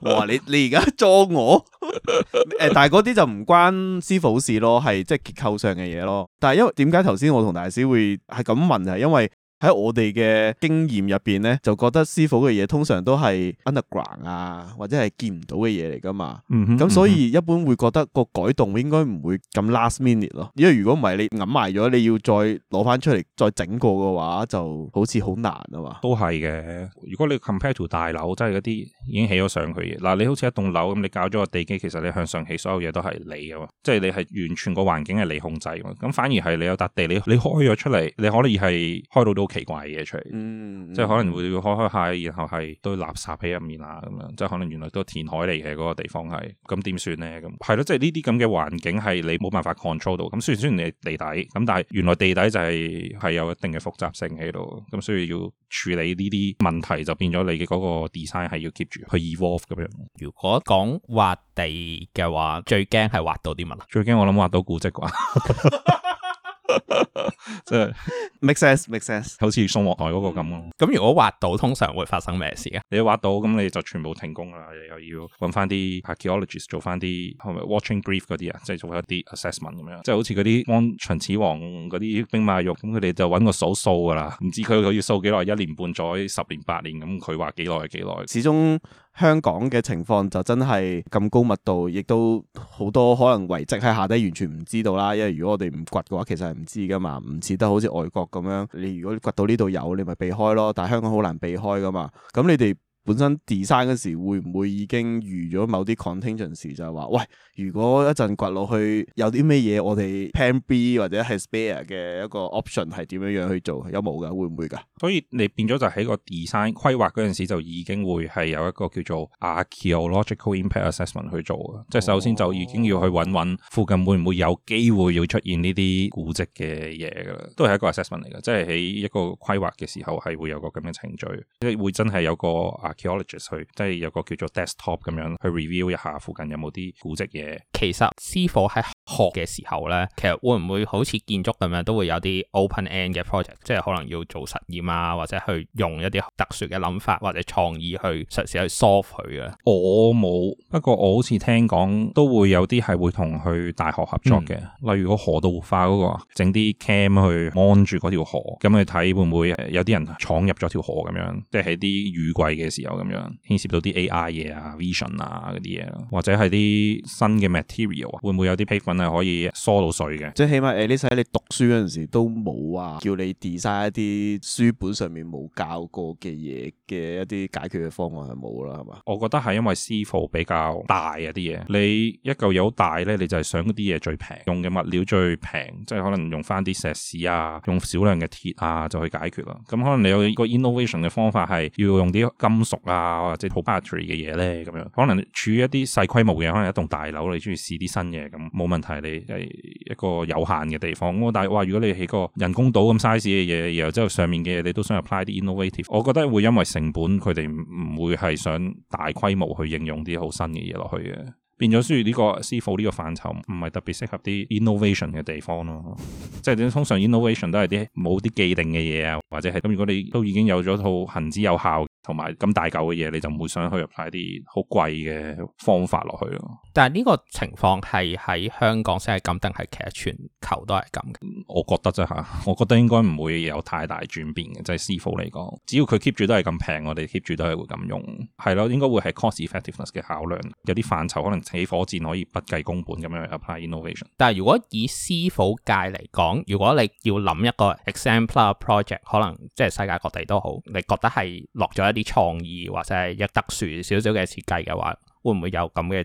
我，哇！ 你你而家捉我？誒， 但係嗰啲就唔關師傅事咯，係即係結構上嘅嘢咯。但係因為點解頭先我同大師會係咁問，就係因為。喺我哋嘅經驗入邊咧，就覺得師傅嘅嘢通常都係 underground 啊，或者係見唔到嘅嘢嚟噶嘛。咁、嗯、哼所以、嗯、哼一般會覺得個改動應該唔會咁 last minute 咯。因為如果唔係你揞埋咗，你要再攞返出嚟再整過嘅話，就好似好難啊嘛。都係嘅。如果你 compare to 大樓，即係嗰啲已經起咗上去嘅，嗱你好似一棟樓咁，你搞咗個地基，其實你向上起所有嘢都係你啊嘛，即係你係完全個環境係你控制啊。咁反而係你有笪地，你你開咗出嚟，你可以係開到都奇怪嘢出嚟，嗯嗯、即係可能會開開下，然後係都垃圾喺入面啊，咁樣即係可能原來都填海嚟嘅嗰個地方係，咁點算咧？咁係咯，即係呢啲咁嘅環境係你冇辦法 control 到。咁雖然雖然你係地底，咁但係原來地底就係係有一定嘅複雜性喺度，咁所以要處理呢啲問題就變咗你嘅嗰個 design 係要 keep 住去 evolve 咁樣。如果講挖地嘅話，最驚係挖到啲乜啦？最驚我諗挖到古蹟啩。 即係 make sense，make sense，好似宋皇台嗰個咁咯。咁如果挖到，通常會發生咩事啊？你挖到，咁你就全部停工噶啦，又要搵翻啲 archaeologist 做翻啲，係咪 watching brief 嗰啲啊？即係做一啲 assessment 咁樣，即係好似嗰啲幫秦始皇嗰啲兵馬俑，咁佢哋就搵個數數噶啦，唔知佢要數幾耐，一年半載、十年八年咁，佢話幾耐就幾耐，始終。香港嘅情況就真係咁高密度，亦都好多可能遺跡喺下低完全唔知道啦。因為如果我哋唔掘嘅話，其實係唔知㗎嘛，唔似得好似外國咁樣，你如果掘到呢度有，你咪避開囉。但係香港好難避開㗎嘛，咁你哋。本身 design 嗰時會唔會已經預咗某啲 contingency 就係話，喂，如果一陣掘落去有啲咩嘢，我哋 plan B 或者係 spare 嘅一個 option 係點樣樣去做有冇㗎？會唔會㗎？所以你變咗就喺個 design 規劃嗰陣時就已經會係有一個叫做 archaeological impact assessment 去做嘅，哦、即係首先就已經要去揾揾附近會唔會有機會要出現呢啲古蹟嘅嘢㗎啦，都係一個 assessment 嚟㗎，即係喺一個規劃嘅時候係會有個咁嘅程序，即係會真係有個啊。考古學家去都係有個叫做 desktop 咁樣去 review 一下附近有冇啲古蹟嘢。其實師傅喺學嘅時候呢，其實會唔會好似建築咁樣都會有啲 open end 嘅 project，即係可能要做實驗啊，或者去用一啲特殊嘅諗法或者創意去嘗試去 solve 佢啊？我冇，不過我好似聽講都會有啲係會同去大學合作嘅，嗯、例如個河道活化嗰個，整啲 cam 去安住嗰條河，咁你睇會唔會有啲人闖入咗條河咁樣，即係喺啲雨季嘅時候。有咁樣牽涉到啲 AI 嘢啊、vision 啊嗰啲嘢，或者係啲新嘅 material 啊，會唔會有啲 paper 係可以疏到水嘅？即係起碼誒，你使你讀書嗰陣時都冇啊，叫你 design 一啲書本上面冇教過嘅嘢嘅一啲解決嘅方案係冇啦，係咪？我覺得係因為師傅比較大啊啲嘢，你一嚿嘢好大咧，你就係想嗰啲嘢最平，用嘅物料最平，即係可能用翻啲石屎啊，用少量嘅鐵啊就去解決囉。咁可能你有一個 innovation 嘅方法係要用啲金啊，或者好 b a t t 嘅嘢咧，咁樣可能處於一啲細規模嘅，可能一棟大樓你中意試啲新嘢咁冇問題。你係一個有限嘅地方，但係話、呃，如果你起個人工島咁 size 嘅嘢，然後之後上面嘅嘢你都想 apply 啲 innovative，我覺得會因為成本，佢哋唔會係想大規模去應用啲好新嘅嘢落去嘅，變咗、這個。所以呢個 civil 呢個範疇唔係特別適合啲 innovation 嘅地方咯。即係 通常 innovation 都係啲冇啲既定嘅嘢啊，或者係咁。如果你都已經有咗套行之有效。同埋咁大嚿嘅嘢，你就唔會想去入晒啲好貴嘅方法落去咯。但係呢個情況係喺香港先係咁，定係其實全球都係咁？我覺得啫嚇，我覺得應該唔會有太大轉變嘅。即係師傅嚟講，只要佢 keep 住都係咁平，我哋 keep 住都係會咁用，係咯，應該會係 cost effectiveness 嘅考量。有啲範疇可能起火箭可以不計工本咁樣 apply innovation。但係如果以師傅界嚟講，如果你要諗一個 exemplar project，可能即係世界各地都好，你覺得係落咗一啲創意，或者係一特殊少少嘅設計嘅話，會唔會有咁嘅？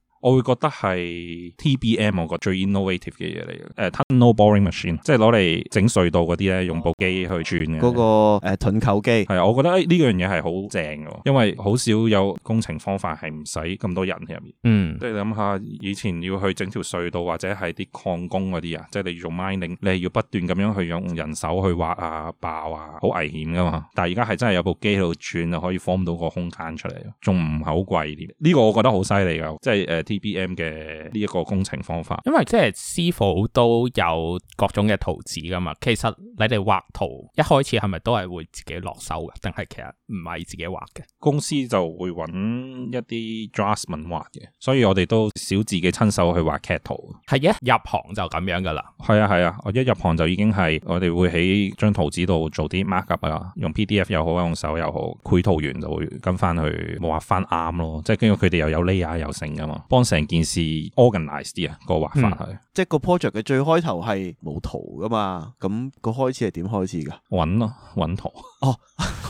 我會覺得係 TBM 我個最 innovative 嘅嘢嚟嘅，誒 tunnel boring machine，即係攞嚟整隧道嗰啲咧，用部機去轉嗰、嗰個誒、啊、盾構機，係啊，我覺得誒呢樣嘢係好正嘅，因為好少有工程方法係唔使咁多人喺入面，嗯，即係諗下以前要去整條隧道或者係啲礦工嗰啲啊，即係你做 mining，你係要不斷咁樣去用人手去挖啊、爆啊，好危險噶嘛，但係而家係真係有部機喺度轉啊，可以 form 到個空間出嚟，仲唔係好貴添，呢、呢個我覺得好犀利噶，即係誒。呃 b b m 嘅呢一個工程方法，因為即係師傅都有各種嘅圖紙噶嘛。其實你哋畫圖一開始係咪都係會自己落手嘅，定係其實唔係自己畫嘅？公司就會揾一啲 draftman 畫嘅，所以我哋都少自己親手去畫 CAD 圖。係啊，入行就咁樣噶啦。係啊係啊，我一入行就已經係我哋會喺張圖紙度做啲 mark up 啊，用 PDF 又好，用手又好，繪圖員就會跟翻去冇畫翻啱咯。即係因為佢哋又有 layer 又成噶嘛。成件事 organize 啲啊，個畫法係、嗯。即係個 project 嘅最開頭係冇圖噶嘛，咁、個開始係點開始噶？揾咯、啊，揾圖。哦，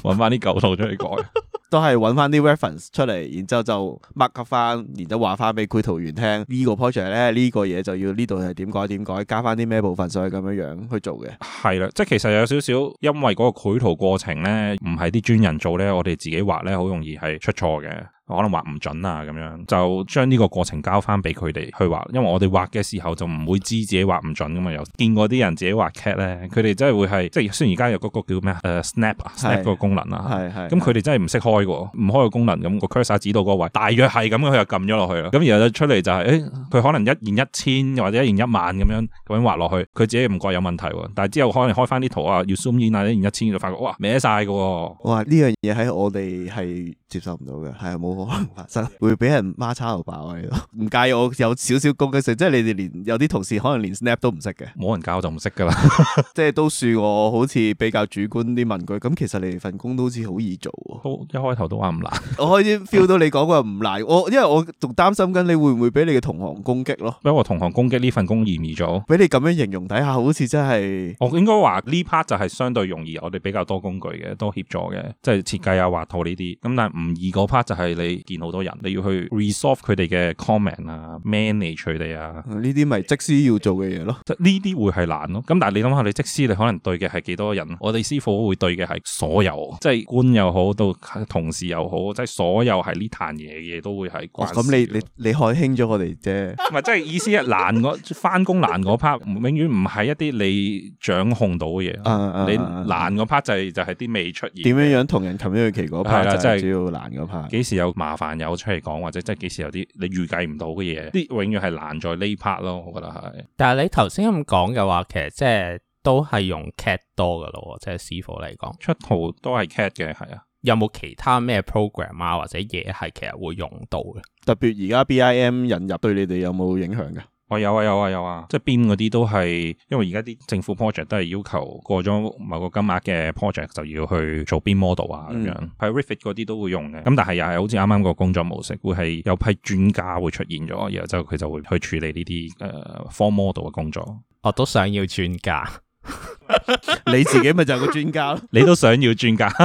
揾翻啲舊圖出嚟改。 都係揾翻啲 reference 出嚟，然之後就 mark 翻，然之後話翻俾繪圖員聽。呢個、呢、呢個 project 咧，呢個嘢就要呢度係點改點改，加翻啲咩部分，所以咁樣樣去做嘅。係啦，即係其實有少少，因為嗰個繪圖過程咧，唔係啲專人做咧，我哋自己畫咧，好容易係出錯嘅。可能畫唔準啊，咁樣就將呢個過程交翻俾佢哋去畫，因為我哋畫嘅時候就唔會知自己畫唔準噶、啊、嘛。又見過啲人自己畫 CAD 咧，佢哋真係會係即係，雖然而家有嗰個叫咩誒、uh, snap 啊嗰是個功能啊，係係，咁佢哋真係唔識開嘅，唔的開個功能，咁個 cursor 指到嗰位，大約係咁，佢又撳咗落去啦。咁然後出嚟就係、是，誒、哎，佢可能一然一千或者一然一萬咁樣咁樣畫落去，佢自己唔覺有問題、啊，但係之後可能開翻啲圖啊，zoom 要 zoom in 啊，一然一千就發覺，哇，歪晒噶。哇，呢樣嘢喺我哋係接受唔到嘅，係冇。可能發生會俾人孖叉又爆嘅，唔 介意我有少少攻擊性，即係你哋連有啲同事可能連 Snap 都唔識嘅，冇人教就唔識噶啦， 即係都算我，我好似比較主觀啲問句。咁其實你哋份工都好似好易做，好一開頭都話唔難。 我開始 feel 到你講過唔難， 我因為我仲擔心緊你會唔會俾你嘅同行攻擊咯，俾我同行攻擊，呢份工易唔易做？俾你咁樣形容底下，好似真係我應該話呢 part 就係相對容易，我哋比較多工具嘅，多協助嘅，即係設計啊、畫圖呢啲。咁但係唔易嗰 part 就係你。見好多人，你要去 resolve 佢哋嘅 comment 啊，manage 佢哋啊，呢啲咪則師要做嘅嘢咯？即呢啲會係難咯。咁但係你諗下，你則師你可能對嘅係幾多人？我哋師傅會對嘅係所有，即係官又好，到同事又好，即係所有係呢壇嘢嘅都會係。咁、哦、你你你海興咗我哋啫，唔係，即係意思係難嗰返工難嗰 part，永遠唔係一啲你掌控到嘅嘢。啊啊、你難嗰 part 就係、是、就係、是、啲未出現，點樣樣同人琴日去奇嗰 part 就係要難 part，幾時有？ 麻煩有出嚟講或者即係幾時有啲你預計唔到嘅嘢，啲永遠係難在呢 part 咯，我覺得係。但係你頭先咁講嘅話，其實即係都係用 CAD 多噶咯，即係師傅嚟講出圖都係 CAD 嘅，係啊。有冇其他咩 program 啊，或者嘢係其實會用到嘅？特別而家 BIM 引入對你哋有冇影響嘅？有啊有啊有啊，有啊有啊即係 BIM 嗰啲都係，因為而家啲政府 project 都係要求過咗某個金額嘅 project 就要去做 BIM model 啊，咁樣批 refit 嗰啲都會用嘅。咁但係又係好似啱啱個工作模式，會係有批專家會出現咗，然後就佢就會去處理呢啲誒 form model 嘅工作。我都想要專家， 你自己咪就係個專家咯， 你都想要專家。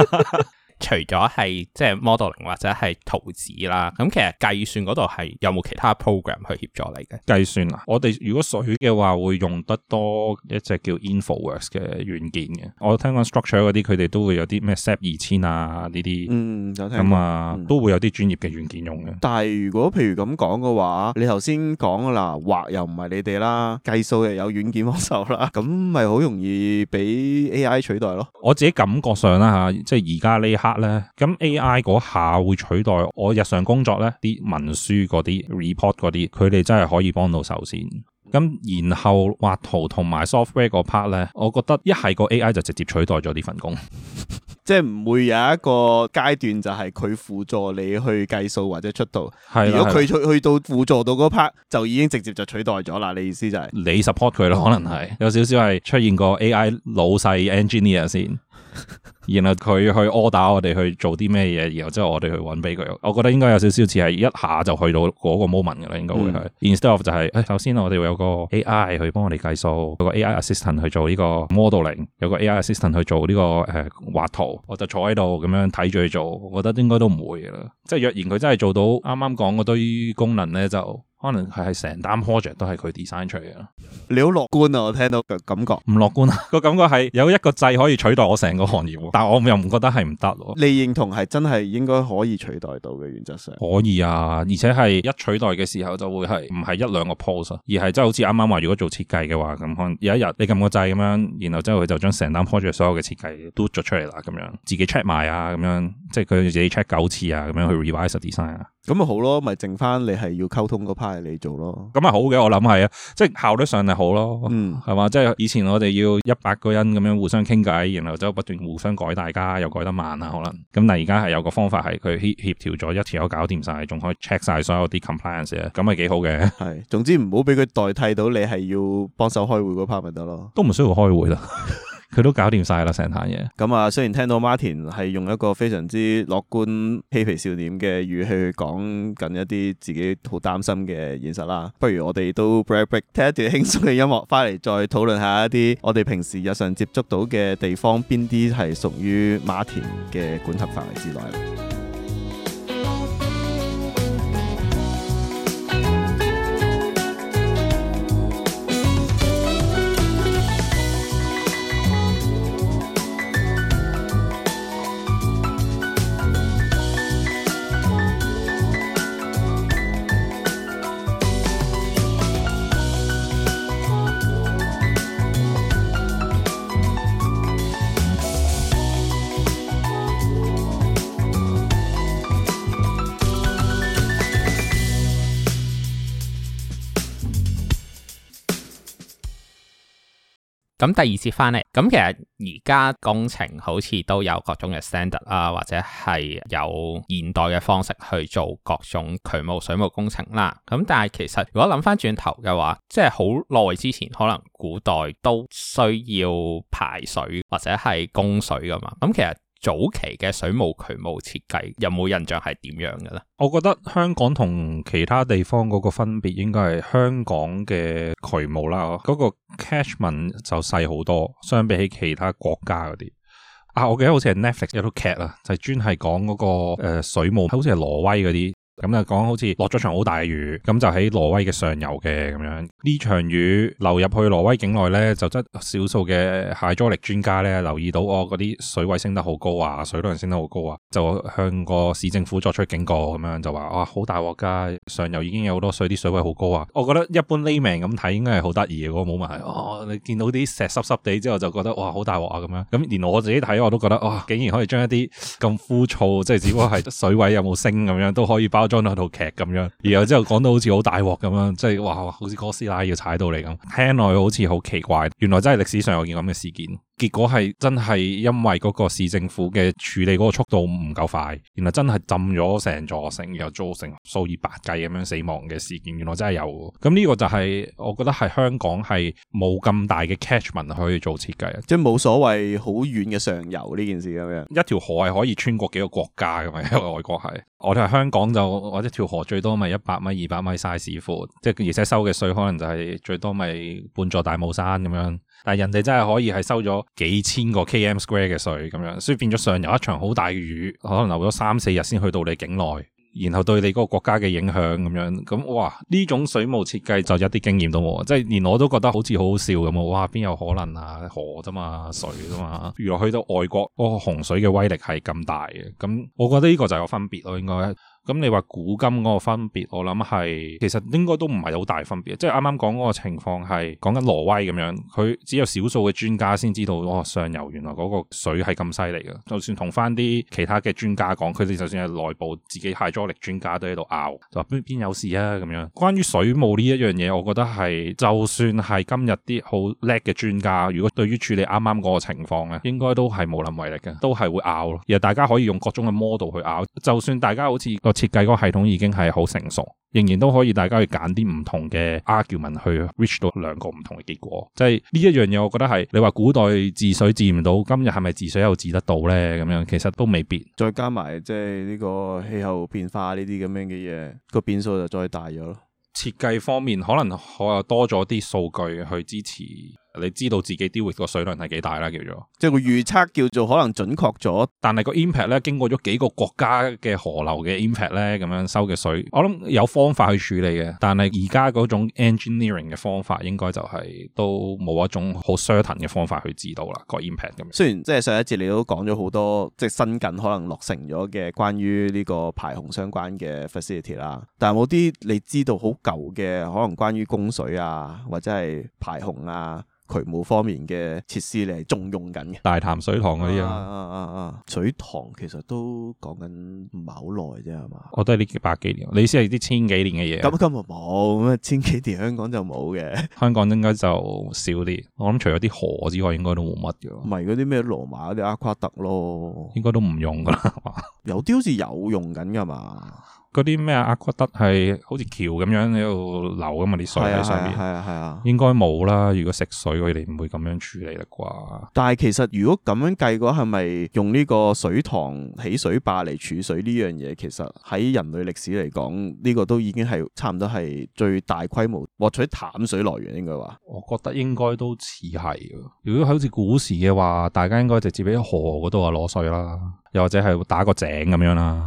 除咗係即係 modeling 或者係圖紙啦，咁其實計算嗰度係有冇其他 program 去協助你嘅計算啊？我哋如果水嘅話，會用得多一隻叫 InfoWorks 嘅軟件嘅。我聽講 structure 嗰啲，佢哋都會有啲咩、啊、SAP 二千啊呢啲、嗯，嗯，咁啊都會有啲專業嘅軟件用嘅。但係如果譬如咁講嘅話，你頭先講嗱畫又唔係你哋啦，計數又有軟件幫手啦，咁咪好容易俾 AI 取代咯。我自己感覺上啦、啊、嚇，即係而家呢咧，咁 A I 嗰下會取代我日常工作咧啲文書嗰啲 report 嗰啲，佢哋真係可以幫到手先。咁然後畫圖同埋 software 個 part 咧，我覺得一係個 A I 就直接取代咗呢份工， 即係唔會有一個階段就係佢輔助你去計數或者出圖。係的如果佢去去到輔助到嗰 part，就已經直接就取代咗啦。你意思就係、是、你 support 佢咯？可能係有少少係出現過 A I 老細 engineer 先。 然後佢去柯打我哋去做啲咩嘢，然後之後我哋去揾俾佢。我覺得應該有少少似係一下就去到嗰個 moment 噶啦，應該會係。嗯、Instead of 就係誒，首先我哋會有個 AI 去幫我哋計數，有個 AI assistant 去做呢個 modeling，有個 AI assistant 去做呢、這個誒畫、呃、圖。我就坐喺度咁樣睇住佢做，我覺得應該都唔會啦。即係若然佢真係做到啱啱講嗰堆功能咧，就。可能係成單 project 都係佢 design 出嚟嘅。你好樂觀啊！我聽到嘅感覺，唔樂觀啊 個感覺係有一個掣，可以取代我成個行業，但係我又唔覺得係唔得咯。你認同係真係應該可以取代到嘅原則上？可以啊，而且係一取代嘅時候就會係唔係一兩個 pose，而係即係好似啱啱話如果做設計嘅話咁，可能有一日你撳個掣咁樣，然後之後佢就將成單 project 所有嘅設計都作出嚟啦，咁樣自己 check 埋啊，咁樣即係佢自己 check 九次啊，咁樣去 revise design 啊。咁咪好咯，咪剩翻你係要溝通嗰 part 你做咯，咁咪好嘅，我諗係啊，即係效率上係好咯，嗯，係嘛，即係以前我哋要一百個人咁樣互相傾偈，然後就不斷互相改，大家又改得慢啊，可能，咁但係而家係有個方法係佢協協調咗一次可搞掂晒，仲可以 check 晒所有啲 compliance 啊，咁咪幾好嘅，係，總之唔好俾佢代替到你係要幫手開會嗰 part 咪得咯，都唔需要開會啦。 佢都搞掂晒啦，成壇嘢。咁啊，雖然聽到 Martin 係用一個非常之樂觀、嬉皮笑臉嘅語氣去講緊一啲自己好擔心嘅現實啦，不如我哋都 break break，聽一段輕鬆嘅音樂，翻嚟再討論下一啲我哋平時日常接觸到嘅地方，邊啲係屬於 Martin 嘅管轄範圍之內。咁第二節翻嚟，咁其實而家工程好似都有各種嘅 standard 啊，或者係有現代嘅方式去做各種渠務、水務工程啦。咁但係其實如果諗翻轉頭嘅話，即係好耐之前，可能古代都需要排水或者係供水噶嘛。咁其實。早期嘅水務渠務設計有冇印象係點樣嘅咧？我覺得香港同其他地方嗰個分別應該係香港嘅渠務啦。嗰、那個 catchment 就細好多，相比起其他國家嗰啲。啊，我記得好似係 Netflix 有套劇啦，就係、是、專係講嗰、那個誒、呃、水務，好似係挪威嗰啲。咁就講好似落咗場好大嘅雨，咁就喺挪威嘅上游嘅咁樣。呢場雨流入去挪威境內呢，就即係少數嘅蟹災力專家呢留意到哦，嗰啲水位升得好高啊，水量升得好高啊，就向個市政府作出警告咁樣，就話哇好大鑊㗎，啊，上游已經有好多水，啲水位好高啊。我覺得一般 layman 咁睇應該係好得意嘅，我冇問題。哦，你見到啲石濕濕地之後，就覺得哇好大鑊啊咁樣。咁連我自己睇我都覺得哇，哦，竟然可以將一啲咁枯燥， 即係只不過係水位有冇升咁樣，都可以包。裝到套劇咁樣，然後之後講到好似好大鑊咁樣，即係話好似哥斯拉要踩到你咁，聽落去好似好奇怪，原來真係歷史上有件咁嘅事件。結果係真係因為嗰個市政府嘅處理嗰個速度唔夠快，原來真係浸咗成座城，又造成數以百計咁樣死亡嘅事件，原來真係有的。咁呢個就係、是、我覺得係香港係冇咁大嘅 catchment 可以做設計，即係冇所謂好遠嘅上游呢件事咁樣。 一條河係可以穿過幾個國家噶嘛？外國係，我哋係香港就，或者條河最多咪一百米、二百米 size 闊，即係而且收嘅稅可能就係最多咪半座大帽山咁樣。但係人哋真係可以係收咗幾千個 km square 嘅水咁樣，所以變咗上游一場好大嘅雨，可能流咗三四日先去到你境內，然後對你嗰個國家嘅影響咁樣，咁哇呢種水務設計就一啲經驗都冇，即係連我都覺得好似好好笑咁啊！哇，邊有可能啊？河啫嘛，水啫嘛，原來去到外國個、哦、洪水嘅威力係咁大嘅，咁我覺得呢個就有分別咯，應該。咁你話古今嗰個分別，我諗係其實應該都唔係好大分別，即係啱啱講嗰個情況係講緊挪威咁樣，佢只有少數嘅專家先知道哦上游原來嗰個水係咁犀利嘅，就算同翻啲其他嘅專家講，佢哋就算係內部自己派咗力專家都喺度拗，就話邊邊有事啊咁樣。關於水務呢一樣嘢，我覺得係就算係今日啲好叻嘅專家，如果對於處理啱啱嗰個情況咧，應該都係無能為力嘅，都係會拗咯。而大家可以用各種嘅 model 去拗，就算大家好似設計個系統已經係好成熟，仍然都可以大家去揀啲唔同嘅 argument 去 reach 到兩個唔同嘅結果。即係呢一樣嘢，我覺得係你話古代治水治唔到，今日係咪治水又治得到呢？咁樣其實都未必。再加埋即係呢個氣候變化呢啲咁樣嘅嘢，個變數就再大咗咯。設計方面可能我又多咗啲數據去支持。你知道自己 deal with 個水量係幾大啦、啊，叫做即係個預測叫做可能準確咗，但係個 impact 咧經過咗幾個國家嘅河流嘅 impact 咧，咁樣收嘅水，我諗有方法去處理嘅，但係而家嗰種 engineering 嘅方法應該就係都冇一種好 certain 嘅方法去知道啦個 impact 咁。雖然即係上一節你都講咗好多，即、就、係、是、新近可能落成咗嘅關於呢個排洪相關嘅 facility 啦，但係冇啲你知道好舊嘅可能關於供水啊或者係排洪啊。渠務方面嘅設施你係仲用緊嘅，大潭水塘嗰啲啊，水塘其實都講緊唔係好耐啫，係嘛？我都係呢幾百幾年，你先係啲千幾年嘅嘢。咁今日冇咁千幾年香港就冇嘅。香港應該就少啲， 我諗除咗啲河之外應該，應該都冇乜嘅。唔係嗰啲咩羅馬嗰啲阿夸特咯，應該都唔用噶啦，係 嘛？有啲好似有用緊噶嘛？嗰啲咩啊，骨德係好似橋咁樣喺度流咁啊，啲水喺上邊，係啊係啊，應該冇啦。如果食水，佢哋唔會咁樣處理啦啩。但係其實如果咁樣計嘅話，係咪用呢個水塘起水壩嚟儲水呢樣嘢？其實喺人類歷史嚟講，呢個都已經係差唔多係最大規模獲取淡水來源應該話。我覺得應該都似係。如果好似古時嘅話，大家應該直接喺河嗰度啊攞水啦，又或者係打個井咁樣啦。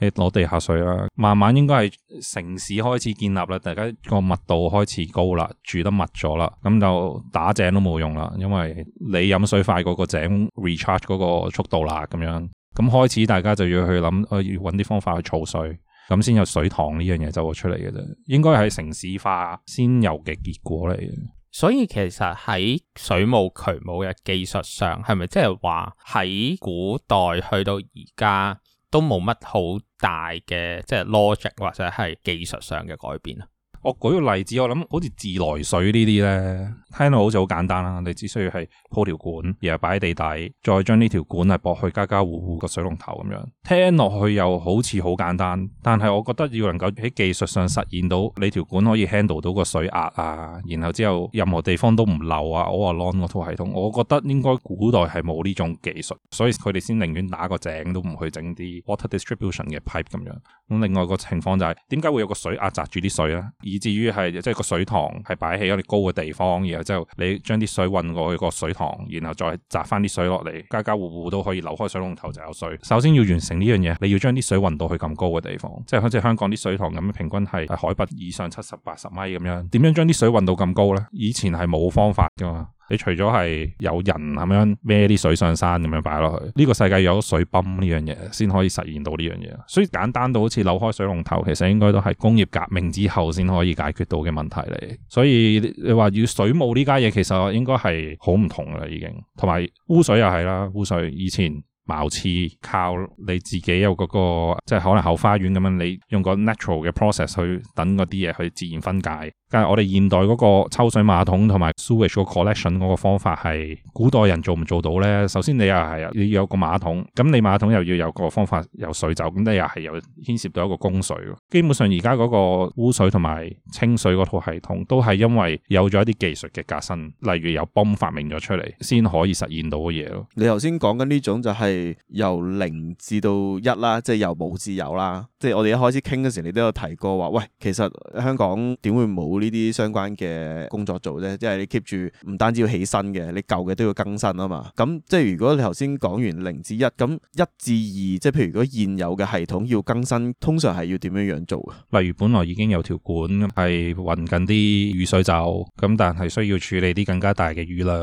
你攞地下水啦，慢慢應該係城市開始建立啦，大家個密度開始高啦，住得密咗啦，咁就打井都冇用啦，因為你飲水快過個井 recharge 嗰個速度啦，咁樣咁開始大家就要去諗，要揾啲方法去儲水，咁先有水塘呢樣嘢就出嚟嘅啫。應該係城市化先有嘅結果嚟嘅。所以其實喺水務渠務嘅技術上，係咪即係話喺古代去到而家？都冇乜好大嘅即係 logic 或者係技術上嘅改變啊！我舉個例子，我諗好似自來水呢啲咧。聽落好似好簡單啦，你只需要係鋪條管，然後擺喺地底，再將呢條管係駁去家家戶戶個水龍頭咁樣。聽落去又好似好簡單，但係我覺得要能夠喺技術上實現到你條管可以 handle 到個水壓啊，然後之後任何地方都唔漏啊，我話 long 嗰套系統，我覺得應該古代係冇呢種技術，所以佢哋先寧願打個井都唔去整啲 water distribution 嘅 pipe 咁樣。咁另外個情況就係點解會有個水壓閘住啲水咧？以至於係即係個水塘係擺喺一啲高嘅地方。就你將啲水運過去個水塘，然後再集翻啲水落嚟，家家戶戶都可以扭開水龍頭就有水。首先要完成呢樣嘢，你要將啲水運到去咁高嘅地方，即係好似香港啲水塘咁樣，平均係海拔以上七十八十米咁樣。點樣將啲水運到咁高呢？以前係冇方法噶。你除咗係有人咁樣孭啲水上山咁樣擺落去，呢個世界有水泵呢樣嘢先可以實現到呢樣嘢，所以簡單到好似扭開水龍頭，其實應該都係工業革命之後先可以解決到嘅問題嚟。所以你話要水務呢家嘢，其實應該係好唔同㗎啦，已經同埋污水又係啦，污水以前茅廁靠你自己有嗰個，即係可能後花園咁樣，你用個 natural 嘅 process 去等嗰啲嘢去自然分解。但係我哋現代嗰個抽水馬桶同埋 sewage collection 嗰個方法係古代人做唔做到呢？首先你又係啊，你要有個馬桶，咁你馬桶又要有個方法由水走，咁你又係有牽涉到一個供水。基本上而家嗰個污水同埋清水嗰套系統都係因為有咗一啲技術嘅革新，例如有泵發明咗出嚟，先可以實現到嘅嘢咯。你頭先講緊呢種就係由零至到一啦，即係由冇至有啦。即係我哋一開始傾嘅時，你都有提過話，喂，其實香港點會冇？呢啲相關嘅工作做啫，即係你 keep 住唔單止要起身嘅，你舊嘅都要更新啊嘛。咁即係如果你頭先講完零至一，咁一至二，即係譬如如果現有嘅系統要更新，通常係要點樣樣做啊？例如本來已經有條管係混緊啲雨水就咁，但係需要處理啲更加大嘅雨量，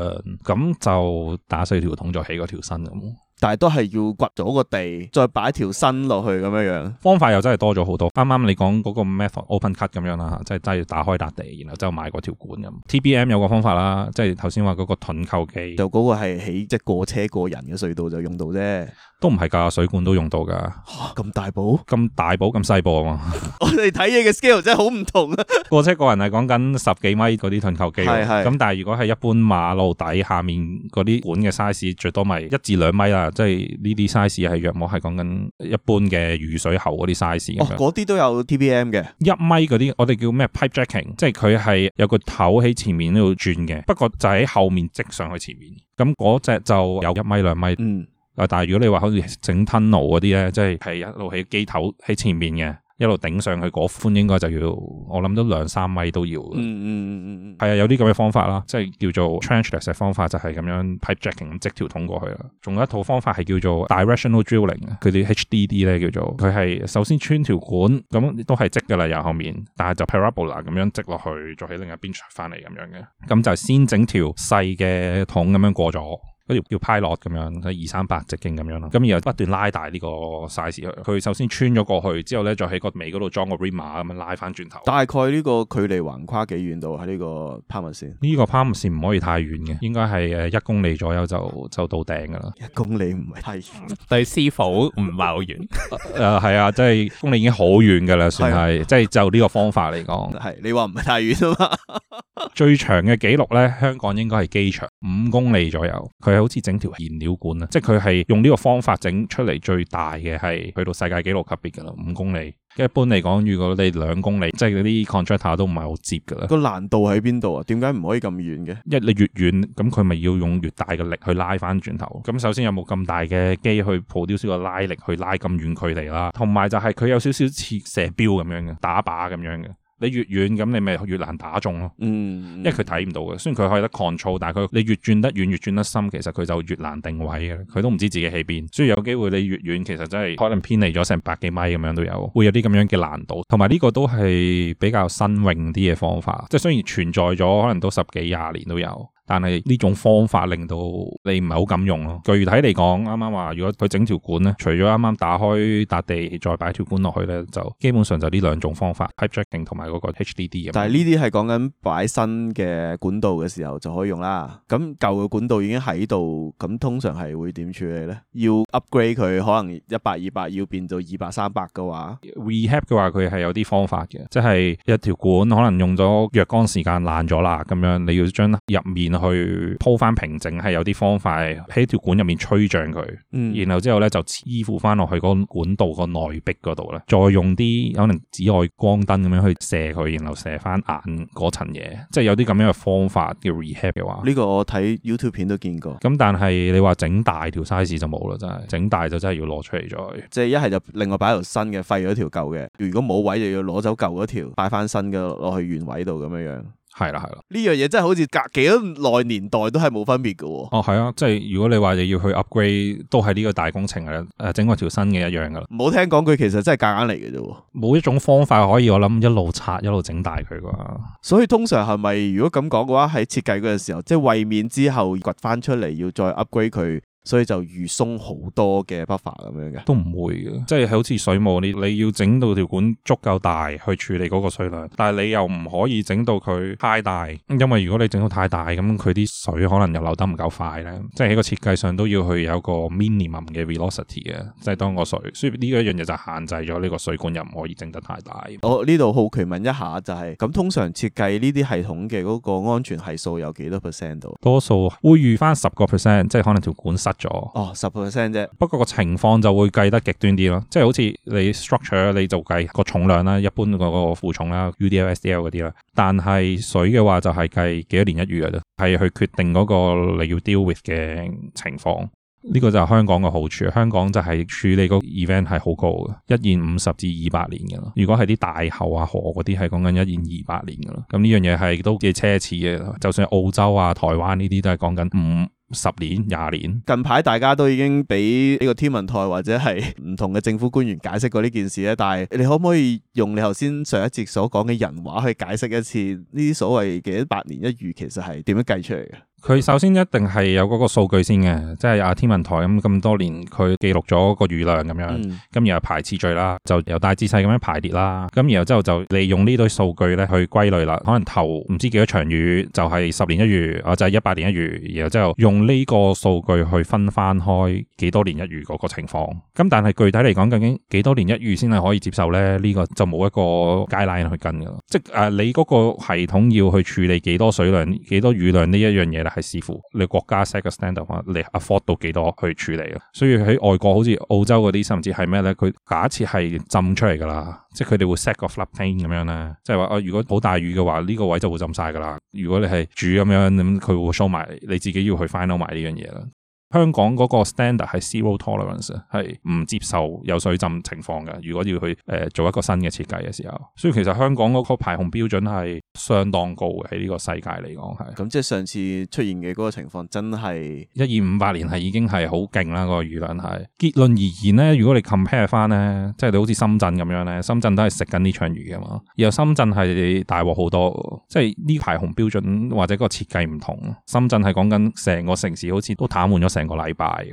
咁就打碎條桶再起嗰條身。咁。但係都係要掘咗個地，再擺條新落去咁樣樣。方法又真係多咗好多。啱啱你講嗰個 method open cut 咁樣啦，即係真係要打開笪地，然後就買嗰條管咁。T B M 有個方法啦，即係頭先話嗰個盾構機，就嗰個係起即係過車過人嘅隧道就用到啫，都唔係噶，水管都用到噶。咁大部，咁大部，咁細部啊嘛，我哋睇嘢嘅 scale 真係好唔同啊！過車過人係講緊十幾米嗰啲盾構機，係係。咁但係如果係一般馬路底下面嗰啲管嘅 size，最多咪一至兩米啦。即係呢啲 size 係約莫係講緊一般嘅雨水喉嗰啲 size，嗰啲都有 TBM 嘅，一米嗰啲我哋叫咩 pipe jacking，即係佢係有個頭喺前面呢度轉嘅，不過就喺後面直上去前面，咁嗰隻就有一米兩米，嗯，啊，但係如果你話好似整 tunnel 嗰啲咧，即係係一路喺機頭喺前面嘅。一路頂上去嗰寬應該就要，我諗都兩三米都要嗯。嗯嗯嗯嗯嗯，係啊，有啲咁嘅方法啦，即係叫做 trenchless 方法就係咁樣 pipe jacking，咁即條桶過去啦。仲有一套方法係叫做 directional drilling，佢啲 HDD 咧叫做，佢係首先穿條管，咁都係即嘅啦，然後面，但係就 parabola 咁樣即落去，再喺另一邊出翻嚟咁樣嘅。咁就先整條細嘅桶咁樣過咗。佢要要 pilot 落咁樣，喺二三百直徑咁樣咯。咁然後不斷拉大呢個 size。佢首先穿咗過去，之後咧再喺個尾嗰度裝個 rima 咁樣拉翻轉頭。大概呢個距離橫跨幾遠度喺呢個 parmesan？呢個 parmesan 唔可以太遠嘅，應該係誒一公里左右就就到頂噶啦。一公里唔係太遠， 但係師傅唔係好遠。誒、 呃，係啊，即、就、係、是、公里已經好遠噶啦，算係即係就呢個方法嚟講。係 你話唔係太遠啊嘛？ 最長嘅紀錄咧，香港應該係機場五公里左右好似整條燃料管啊！即係佢係用呢個方法整出嚟最大嘅係去到世界紀錄級別噶啦，五公里。一般嚟講，如果你兩公里，即係嗰啲 contractor 都唔係好接噶啦。個難度喺邊度啊？點解唔可以咁遠嘅？因為你越遠，咁佢咪要用越大嘅力去拉翻轉頭。咁首先有冇咁大嘅機去抱少少個拉力去拉咁遠距離啦？同埋就係佢有少少似射標咁樣嘅打靶咁樣嘅。你越遠咁，你咪越難打中咯、嗯。嗯，因為佢睇唔到嘅，雖然佢可以得控操，但係佢你越轉得遠，越轉得深，其實佢就越難定位嘅，佢都唔知自己喺邊。所以有機會你越遠，其實真係可能偏離咗成百幾米咁樣都有，會有啲咁樣嘅難度。同埋呢個都係比較新穎啲嘅方法，即係雖然存在咗可能都十幾廿年都有。但係呢種方法令到你唔係好敢用咯。具體嚟講，啱啱話如果佢整條管咧，除咗啱啱打開笪地再擺條管落去咧，就基本上就呢兩種方法 pipe jacking 同埋嗰個 HDD。但係呢啲係講緊擺新嘅管道嘅時候就可以用啦。咁舊嘅管道已經喺度，咁通常係會點處理咧？要 upgrade 佢可能一百二百要變到二百三百嘅話，rehab 嘅話佢係有啲方法嘅，即係一條管可能用咗若干時間爛咗啦，咁樣你要將入面去鋪翻平整，係有啲方法喺條管入面吹脹佢，嗯、然後之後咧就依附翻落去嗰管道、個內壁嗰度咧，再用啲可能紫外光燈咁樣去射佢，然後射翻眼嗰層嘢，即係有啲咁樣嘅方法叫 rehab 嘅話。呢個我睇 YouTube 片都見過。咁、嗯、但係你話整大條 size 就冇啦，真係整大就真係要攞出嚟再。即係一係就另外擺條新嘅，廢咗條舊嘅。如果冇位就要攞走舊嗰條，擺翻新嘅落去原位度咁樣樣。係啦，係啦，呢樣嘢真係好似隔幾多耐年代都係冇分別嘅。哦，係啊，即係如果你話你要去 upgrade，都係呢個大工程嘅，誒、呃，整個條新嘅一樣噶啦。冇好聽講佢其實真係夾硬嚟嘅啫。冇一種方法可以我諗一路拆一路整大佢啩。所以通常係咪如果咁講嘅話，喺設計嗰陣時候，即係為免之後掘翻出嚟，要再 upgrade 佢？所以就預鬆好多嘅 buffer 咁樣嘅，都唔會嘅，即係好似水務，你你要整到條管足夠大去處理嗰個水量，但係你又唔可以整到佢太大，因為如果你整到太大，咁佢啲水可能又流得唔夠快咧。即係喺個設計上都要去有個 minimum 嘅 velocity 嘅，即係當個水。所以呢一樣嘢就限制咗呢個水管又唔可以整得太大。我呢度好奇問一下，就係、是、咁通常設計呢啲系統嘅嗰個安全係數有幾多 percent 度？多數會預返十個 percent，即係可能條管塞。哦，十 percent 啫。不過個情況就會計得極端啲咯，即係好似你 structure 你就計個重量啦，一般嗰個負重啦、U D L S D L 嗰啲啦。但係水嘅話就係計幾多年一遇嘅啫，係去決定嗰個你要 deal with 嘅情況。呢、這個就係香港嘅好處，香港就係處理個 event 係好高嘅，一現五十至二百年嘅咯。如果係啲大河啊河嗰啲，係講緊一現二百年嘅咯。咁呢樣嘢係都幾奢侈嘅，就算澳洲啊台灣呢啲都係講緊五。十年、廿年，近排大家都已經俾呢個天文台或者係唔同嘅政府官員解釋過呢件事咧，但係你可唔可以用你頭先上一節所講嘅人話去解釋一次？呢啲所謂嘅百年一遇，其實係點樣計出嚟嘅？佢首先一定係有嗰個數據先嘅，即係阿天文台咁咁多年佢記錄咗個雨量咁樣，咁、嗯、然後排次序啦，就由大致細咁樣排列啦，咁然後之後就利用呢堆數據咧去歸類啦，可能頭唔知幾多場雨就係、是、十年一月，哦就係一八年一月，然後之後用呢個數據去分翻開幾多年一月個情況，咁但係具體嚟講究竟幾多年一月先係可以接受咧？呢、這個就冇一個界 line 去跟噶啦，即係誒你嗰個系統要去處理幾多水量、幾多雨量呢一樣嘢係視乎你國家 set 個 standard 啊，你 afford 到幾多去處理啊？所以喺外國好似澳洲嗰啲，甚至係咩咧？佢假設係浸出嚟噶啦，即係佢哋會 set 個 flap plane 咁樣咧，即係話哦，如果好大雨嘅話，呢個位就會浸晒噶啦。如果你係煮咁樣，咁佢會 show 埋，你自己要去 final 埋呢樣嘢啦。香港嗰個 standard 係 zero tolerance，係唔接受有水浸情況嘅。如果要去誒、呃、做一個新嘅設計嘅時候，所以其實香港嗰個排洪標準係相當高嘅。喺呢個世界嚟講係，咁即係上次出現嘅嗰個情況真係一、二、五八年係已經係好勁啦。嗰個雨量係結論而言咧，如果你 compare 翻咧，即係你好似深圳咁樣咧，深圳都係食緊呢場雨啊嘛。而深圳係大鑊好多，即係呢排洪標準或者個設計唔同。深圳係講緊成個城市好似都癱瘓咗。成個禮拜。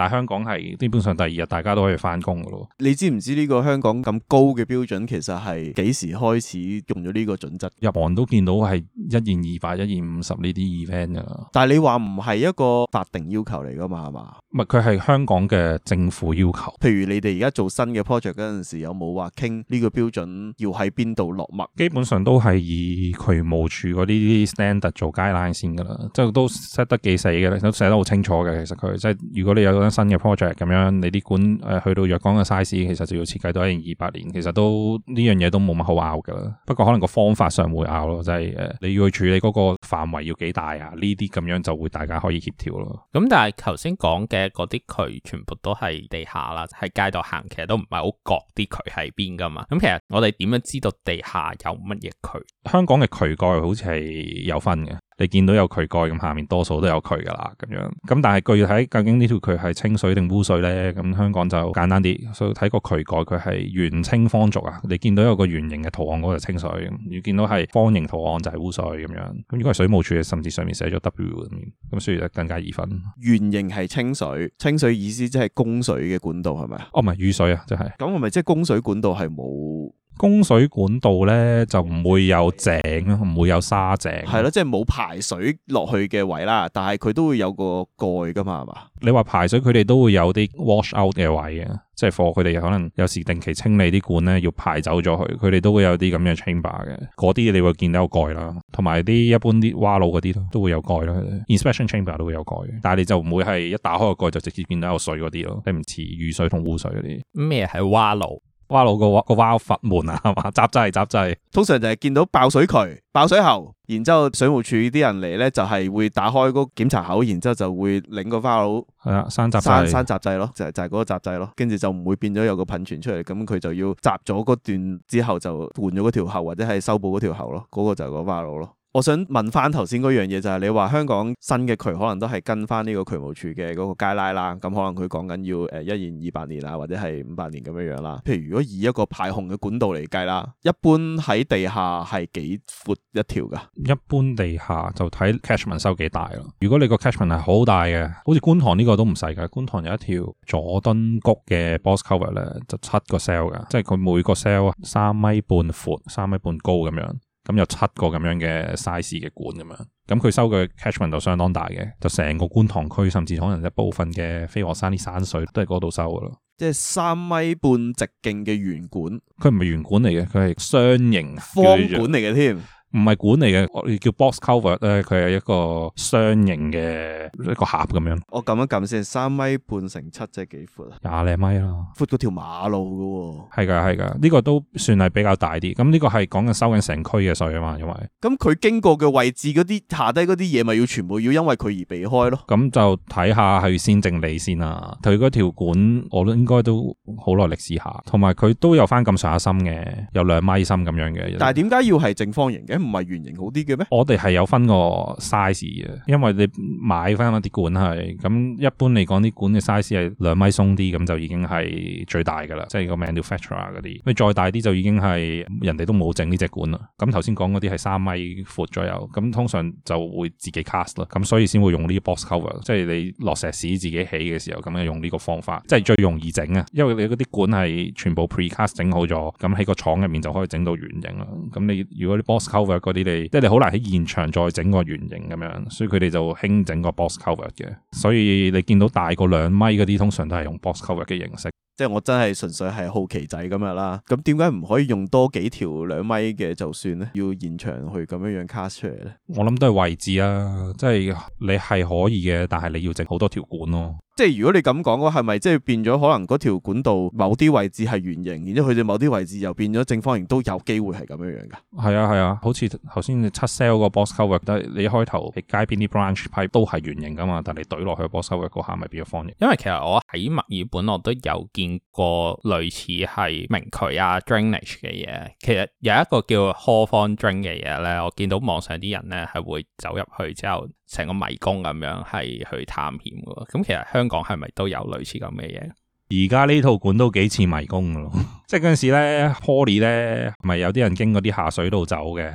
但香港係基本上第二日大家都可以翻工嘅咯。你知唔知呢個香港咁高嘅標準其實係幾時開始用咗呢個準則？入行都見到係一現二百、一現五十呢啲 event 噶啦。但係你話唔係一個法定要求嚟㗎嘛係嘛？唔係，佢係香港嘅政府要求。譬如你哋而家做新嘅 project 嗰陣時，有冇話傾呢個標準要喺邊度落墨？基本上都係以渠務署嗰啲 standard 做 guideline 先㗎啦，即係都寫得幾細嘅，你都寫得好清楚嘅。其實佢即係如果你有。新嘅 project 咁樣，你啲管誒去到若干嘅 size，其實就要設計到一二百年，其實都呢樣嘢都冇乜好拗噶啦。不過可能個方法上會拗咯，就係、是、誒、呃、你要去處理嗰個範圍要幾大啊？呢啲咁樣就會大家可以協調咯。咁、嗯、但係頭先講嘅嗰啲渠全部都係地下啦，喺街度行其實都唔係好覺啲渠喺邊噶嘛。咁其實我哋點樣知道地下有乜嘢渠？香港嘅渠蓋好似係有分嘅。你見到有渠蓋咁，下面多數都有渠噶啦，咁樣。咁但係具體究竟呢條渠係清水定污水呢？咁香港就簡單啲，所以睇個渠蓋，佢係圓清方俗啊。你見到有個圓形嘅圖案嗰個係清水，你見到係方形圖案就係、係、污水咁樣。咁如果係水務署，甚至上面寫咗 W 咁，咁所以就更加易分。圓形係清水，清水意思即係供水嘅管道係咪啊？哦，唔係雨水啊，即係咁，係咪即係供水管道係冇？供水管道咧就唔會有井唔、嗯、會有井沙井。係咯，即係冇排水落去嘅位啦。但係佢都會有個蓋噶嘛，係嘛？你話排水佢哋都會有啲 wash out 嘅位嘅，即係貨佢哋可能有時定期清理啲管咧，要排走咗去。佢哋都會有啲咁樣嘅 chamber 嘅，嗰啲你會見到有蓋啦。同埋啲一般啲挖路嗰啲都都會有蓋啦，inspection chamber 都會有蓋。但係你就唔會係一打開個蓋就直接見到有水嗰啲咯，你唔似雨水同污水嗰啲。咩係挖路？花佬個個花閥門啊，係嘛？閘制係閘制，通常就係見到爆水渠、爆水喉，然之後水務署啲人嚟咧，就係會打開嗰檢查口，然之後就會擰個花佬，係啊，生閘生生閘制咯，就係就係嗰個閘制咯，跟住就唔會變咗有個噴泉出嚟，咁佢就要閘咗嗰段之後就換咗嗰條喉或者係修補嗰條喉咯，嗰個就係個花佬咯。我想問翻頭先嗰樣嘢，就係、是、你話香港新嘅渠可能都係跟翻呢個渠務處嘅嗰個 guideline 啦，咁可能佢講緊要誒一然二百年啊，或者係五百年咁樣樣啦。譬如如果以一個排洪嘅管道嚟計啦，一般喺地下係幾闊一條噶？一般地下就睇 catchment 收幾大咯。如果你個 catchment 係好大嘅，好似觀塘呢個都唔細嘅。觀塘有一條佐敦谷嘅 box culvert 咧，就七個 cell 噶，即係佢每個 cell 三米半闊，三米半高咁樣。咁、嗯、有七個咁樣嘅 size 嘅管咁樣，咁、嗯、佢、嗯、收嘅 catchment 就相當大嘅，就成個觀塘區，甚至可能一部分嘅飛鵝山啲山水都係嗰度收噶咯。即係三米半直徑嘅圓管，佢唔係圓管嚟嘅，佢係雙型方管嚟嘅添。做唔係管嚟嘅，我哋叫 box cover 咧，佢係一個箱形嘅一個盒咁樣。我撳一撳先，三米半乘七即係幾闊啊？廿零米啦，闊過條馬路噶、哦。係噶係噶，呢、呢個都算係比較大啲。咁、呢、呢個係講緊收緊城區嘅水啊嘛，因為咁佢經過嘅位置嗰啲下低嗰啲嘢，咪要全部要因為佢而避開咯。咁、嗯、就睇下去先整理先啦。佢嗰條管，我諗應該都好耐歷史下，同埋佢都有翻咁上下深嘅，有兩米深咁樣嘅。但係點解要係正方形嘅？唔係圓形好啲嘅咩？我哋係有分個 size 嘅，因為你買翻嗰啲管係咁，一般嚟講啲管嘅 size 係兩米鬆啲，咁就已經係最大噶啦，即係個 manufacturer 嗰啲。你再大啲就已經係人哋都冇整呢隻管啦。咁頭先講嗰啲係三米闊左右，咁通常就會自己 cast 咯。咁所以先會用呢啲 box cover，即係你落石屎自己起嘅時候咁樣用呢個方法，即係最容易整啊。因為你嗰啲管係全部 precast 整好咗，咁喺個廠入面就可以整到圓形啦。咁你如果啲 box cover 啲你，即係你好難喺現場再整個圓形咁樣，所以佢哋就興整個 box culvert 嘅，所以你見到大過兩米嗰啲，通常都係用 box culvert 嘅形式。即係我真係純粹係好奇仔咁樣啦。咁點解唔可以用多幾條兩米嘅就算咧？要現場去咁樣樣 cast 出嚟呢？我諗都係位置啊，即係你係可以嘅，但係你要整好多條管咯。即係如果你咁講嘅話，係咪即係變咗可能嗰條管道某啲位置係圓形，然之後佢哋某啲位置又變咗正方形，都有機會係咁樣樣嘅？係啊，係啊，好似頭先你出 sell 個 box culvert 得，你一開頭喺街邊啲 branch pipe 都係圓形噶嘛，但係你懟落去 box culvert 嗰下咪變咗方形。因為其實我喺墨爾本，我都有見過類似係明渠啊 drainage 嘅嘢。其實有一個叫 half round drain 嘅嘢咧，我見到網上啲人咧係會走入去之後。成個迷宮咁樣係去探險嘅喎，咁其實香港係咪都有類似咁嘅嘢？而家呢套館都幾似迷宮嘅咯，即係嗰陣時咧，Poly 咧，咪有啲人經過啲下水道走嘅。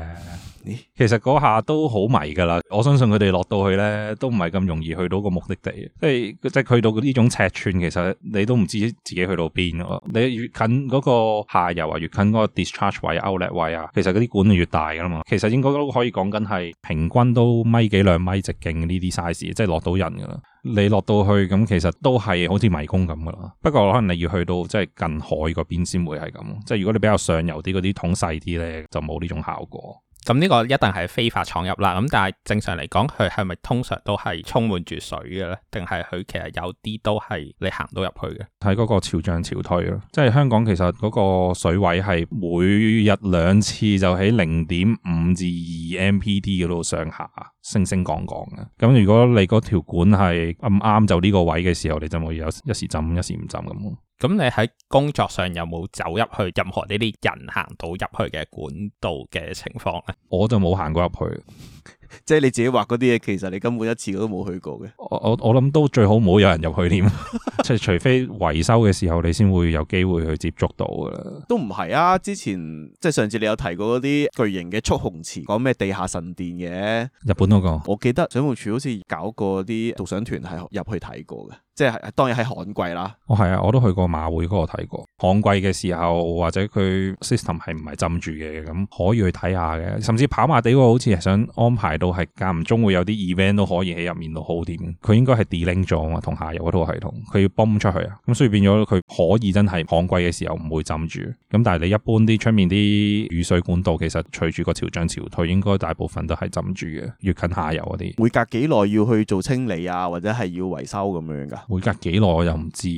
其實嗰下都好迷噶啦，我相信佢哋落到去呢，都唔係咁容易去到個目的地。即係即係去到呢種尺寸，其實你都唔知自己去到邊咯。你越近嗰個下游啊，越近嗰個 discharge 位、outlet 位啊，其實嗰啲管就越大噶啦嘛。其實應該都可以講緊係平均都米幾兩米直徑呢啲 size，即係落到人噶啦。你落到去咁，其實都係好似迷宮咁噶啦。不過可能你要去到即係近海嗰邊先會係咁。即係如果你比較上游啲嗰啲桶細啲呢，就冇呢種效果。咁呢個一定係非法闖入啦，咁但係正常嚟講，佢係咪通常都係充滿住水嘅咧？定係佢其實有啲都係你行到入去嘅？睇嗰個潮漲潮退咯，即係香港其實嗰個水位係每日兩次就喺零點五至二 mPD 嗰度上下。升升降降嘅，咁如果你嗰條管係啱啱就呢個位嘅時候，你就可以有一時浸，一時唔浸咁。咁你喺工作上有冇走入去任何呢啲人行到入去嘅管道嘅情況咧？我就冇行過入去。 即係你自己畫嗰啲嘢，其實你根本一次都冇去過嘅。我我我諗都最好冇有，有人入去添，即係 除非維修嘅時候，你先會有機會去接觸到噶啦。都唔係啊，之前即係上次你有提過嗰啲巨型嘅蓄洪池，講咩地下神殿嘅，日本嗰、嗰個。我記得水務署好似搞過啲導賞團係入去睇過嘅。即係當然係旱季啦。哦，係啊，我都去過馬會嗰度睇過。旱季嘅時候或者佢 system 係唔係浸住嘅咁，可以去睇下嘅。甚至跑馬地嗰個好似係想安排到係間唔中會有啲 event 都可以喺入面度好啲。佢應該係 delink 咗啊，同下游嗰套系統，佢要泵出去啊。咁所以變咗佢可以真係旱季嘅時候唔會浸住。咁但係你一般啲出面啲雨水管道，其實隨住個潮漲潮退，應該大部分都係浸住嘅。越近下游嗰啲，會隔幾耐要去做清理啊，或者係要維修咁樣噶。會隔幾耐我又唔知，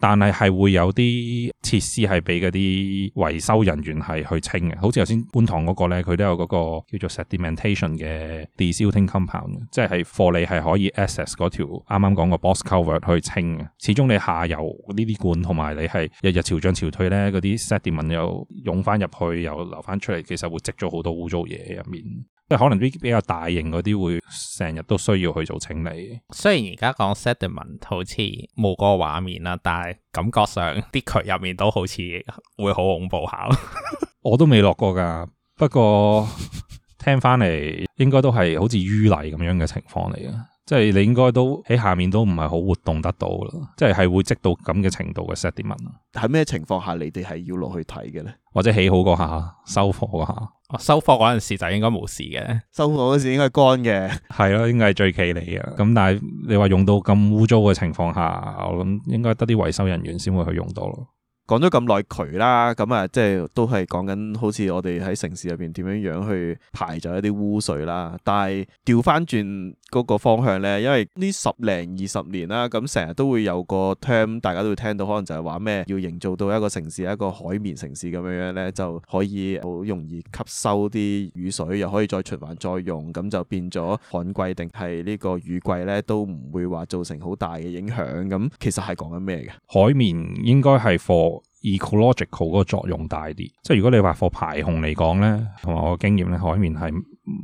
但係係會有啲設施係俾嗰啲維修人員係去清嘅，好似頭先觀塘嗰個呢，佢都有嗰個叫做 sedimentation 嘅 desilting compound，即係貨你係可以 access 嗰條啱啱講個 boss cover 去清嘅。始終你下游呢啲管同埋你係日日潮漲潮退呢，嗰啲 sediment 又湧翻入去又流翻出嚟，其實會積咗好多污糟嘢入面。即係可能啲比較大型嗰啲會成日都需要去做清理。雖然而家講 sediment 好似冇個畫面啦，但係感覺上啲渠入面都好似會好恐怖下咯。 我都未落過噶，不過聽翻嚟，應該都係好似淤泥咁樣嘅情況嚟嘅。即係你應該都喺下面都唔係好活動得到啦，即係係會積到咁嘅程度嘅 settlement。喺咩情況下你哋係要落去睇嘅咧？或者起好嗰下收貨啊？收貨嗰陣時就應該冇事嘅，收貨嗰時，應該，貨時應該乾嘅。係咯， 應該係最企理嘅。咁但係你話用到咁污糟嘅情況下，我諗應該得啲維修人員先會去用到咯。講咗咁耐渠啦，咁、嗯、啊，即係都係講緊好似我哋喺城市入邊點樣樣去排咗一啲污水啦。但係調翻轉嗰個方向呢，因為呢十零二十年啦，咁成日都會有個 term，大家都會聽到，可能就係話咩要營造到一個城市一個海綿城市咁樣樣呢，就可以好容易吸收啲雨水，又可以再循環再用，咁、嗯、就變咗旱季定係呢個雨季呢，都唔會話造成好大嘅影響。咁、嗯、其實係講緊咩嘅？海綿應該係貨。ecological 嗰個作用大啲，即係如果你話放排洪嚟講咧，同埋我嘅經驗咧，海綿係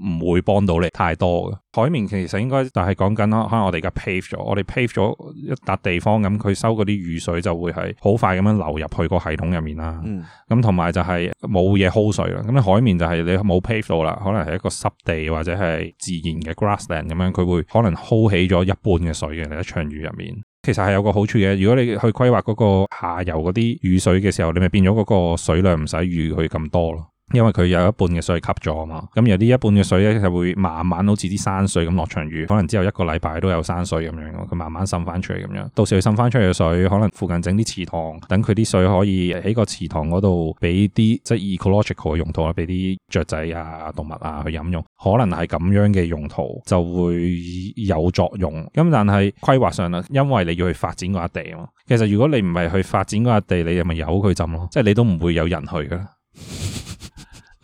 唔會幫到你太多嘅。海綿其實應該，就係講緊咯，可能我哋而家 pave 咗，我哋 pave 咗一笪地方咁，佢收嗰啲雨水就會係好快咁樣流入去個系統入面啦。嗯。咁同埋就係冇嘢溝水啦。咁咧海綿就係你冇 pave 到啦，可能係一個濕地或者係自然嘅 grassland 咁樣，佢會可能溝起咗一半嘅水嘅一場雨入面。其實係有個好處嘅，如果你去規劃嗰個下游嗰啲雨水嘅時候，你咪變咗嗰個水量唔使預去咁多咯。因為佢有一半嘅水吸咗啊嘛，咁有啲一半嘅水咧，就會慢慢好似啲山水咁落場雨，可能之後一個禮拜都有山水咁樣，佢慢慢滲翻出嚟咁樣。到時佢滲翻出嚟嘅水，可能附近整啲池塘，等佢啲水可以喺個池塘嗰度俾啲即係 ecological 嘅用途啦，俾啲雀仔啊、動物啊去飲用，可能係咁樣嘅用途就會有作用。咁但係規劃上啊，因為你要去發展嗰笪地啊嘛，其實如果你唔係去發展嗰笪地，你就咪由佢浸咯？即係你都唔會有人去噶。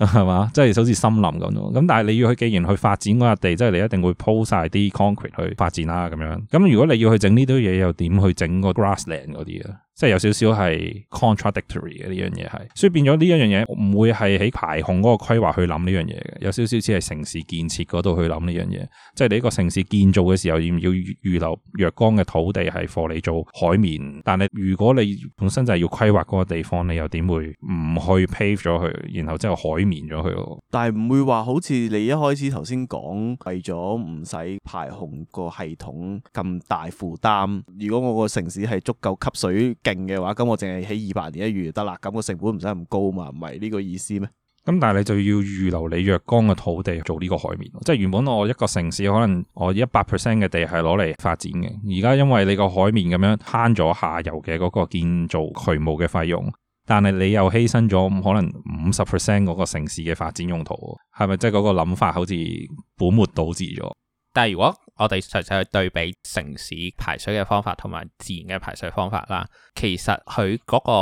係嘛？ 即係好似森林咁咯。咁但係你要去，既然去發展嗰笪地，即係你一定會鋪晒啲 concrete 去發展啦、啊。咁樣，咁如果你要去整呢堆嘢，又點去整個 grassland 嗰啲啊？即係有少少係 contradictory 嘅呢樣嘢係，所以變咗呢一樣嘢唔會係喺排洪嗰個規劃去諗呢樣嘢嘅，有少少似係城市建設嗰度去諗呢樣嘢。即係你一個城市建造嘅時候，要唔要預留若干嘅土地係放你做海綿？但係如果你本身就係要規劃嗰個地方，你又點會唔去 pave 咗佢，然後之後海綿咗佢？但係唔會話好似你一開始頭先講，為咗唔使排洪個系統咁大負擔，如果我個城市係足夠吸水。定嘅話，咁我淨係起二百年一遇就得啦，咁、個成本唔使咁高嘛，唔係呢個意思咩？咁、嗯、但係你就要預留你若干嘅土地做呢個海綿，即係原本我一個城市可能我一百 percent 嘅地係攞嚟發展嘅，而家因為你個海綿咁樣慳咗下游嘅嗰個建造渠務嘅費用，但係你又犧牲咗可能五十 percent 嗰個城市嘅發展用途，係咪即係嗰個諗法好似本末倒置咗？但係如果……我哋實際去對比城市排水嘅方法同埋自然嘅排水方法啦，其實佢嗰個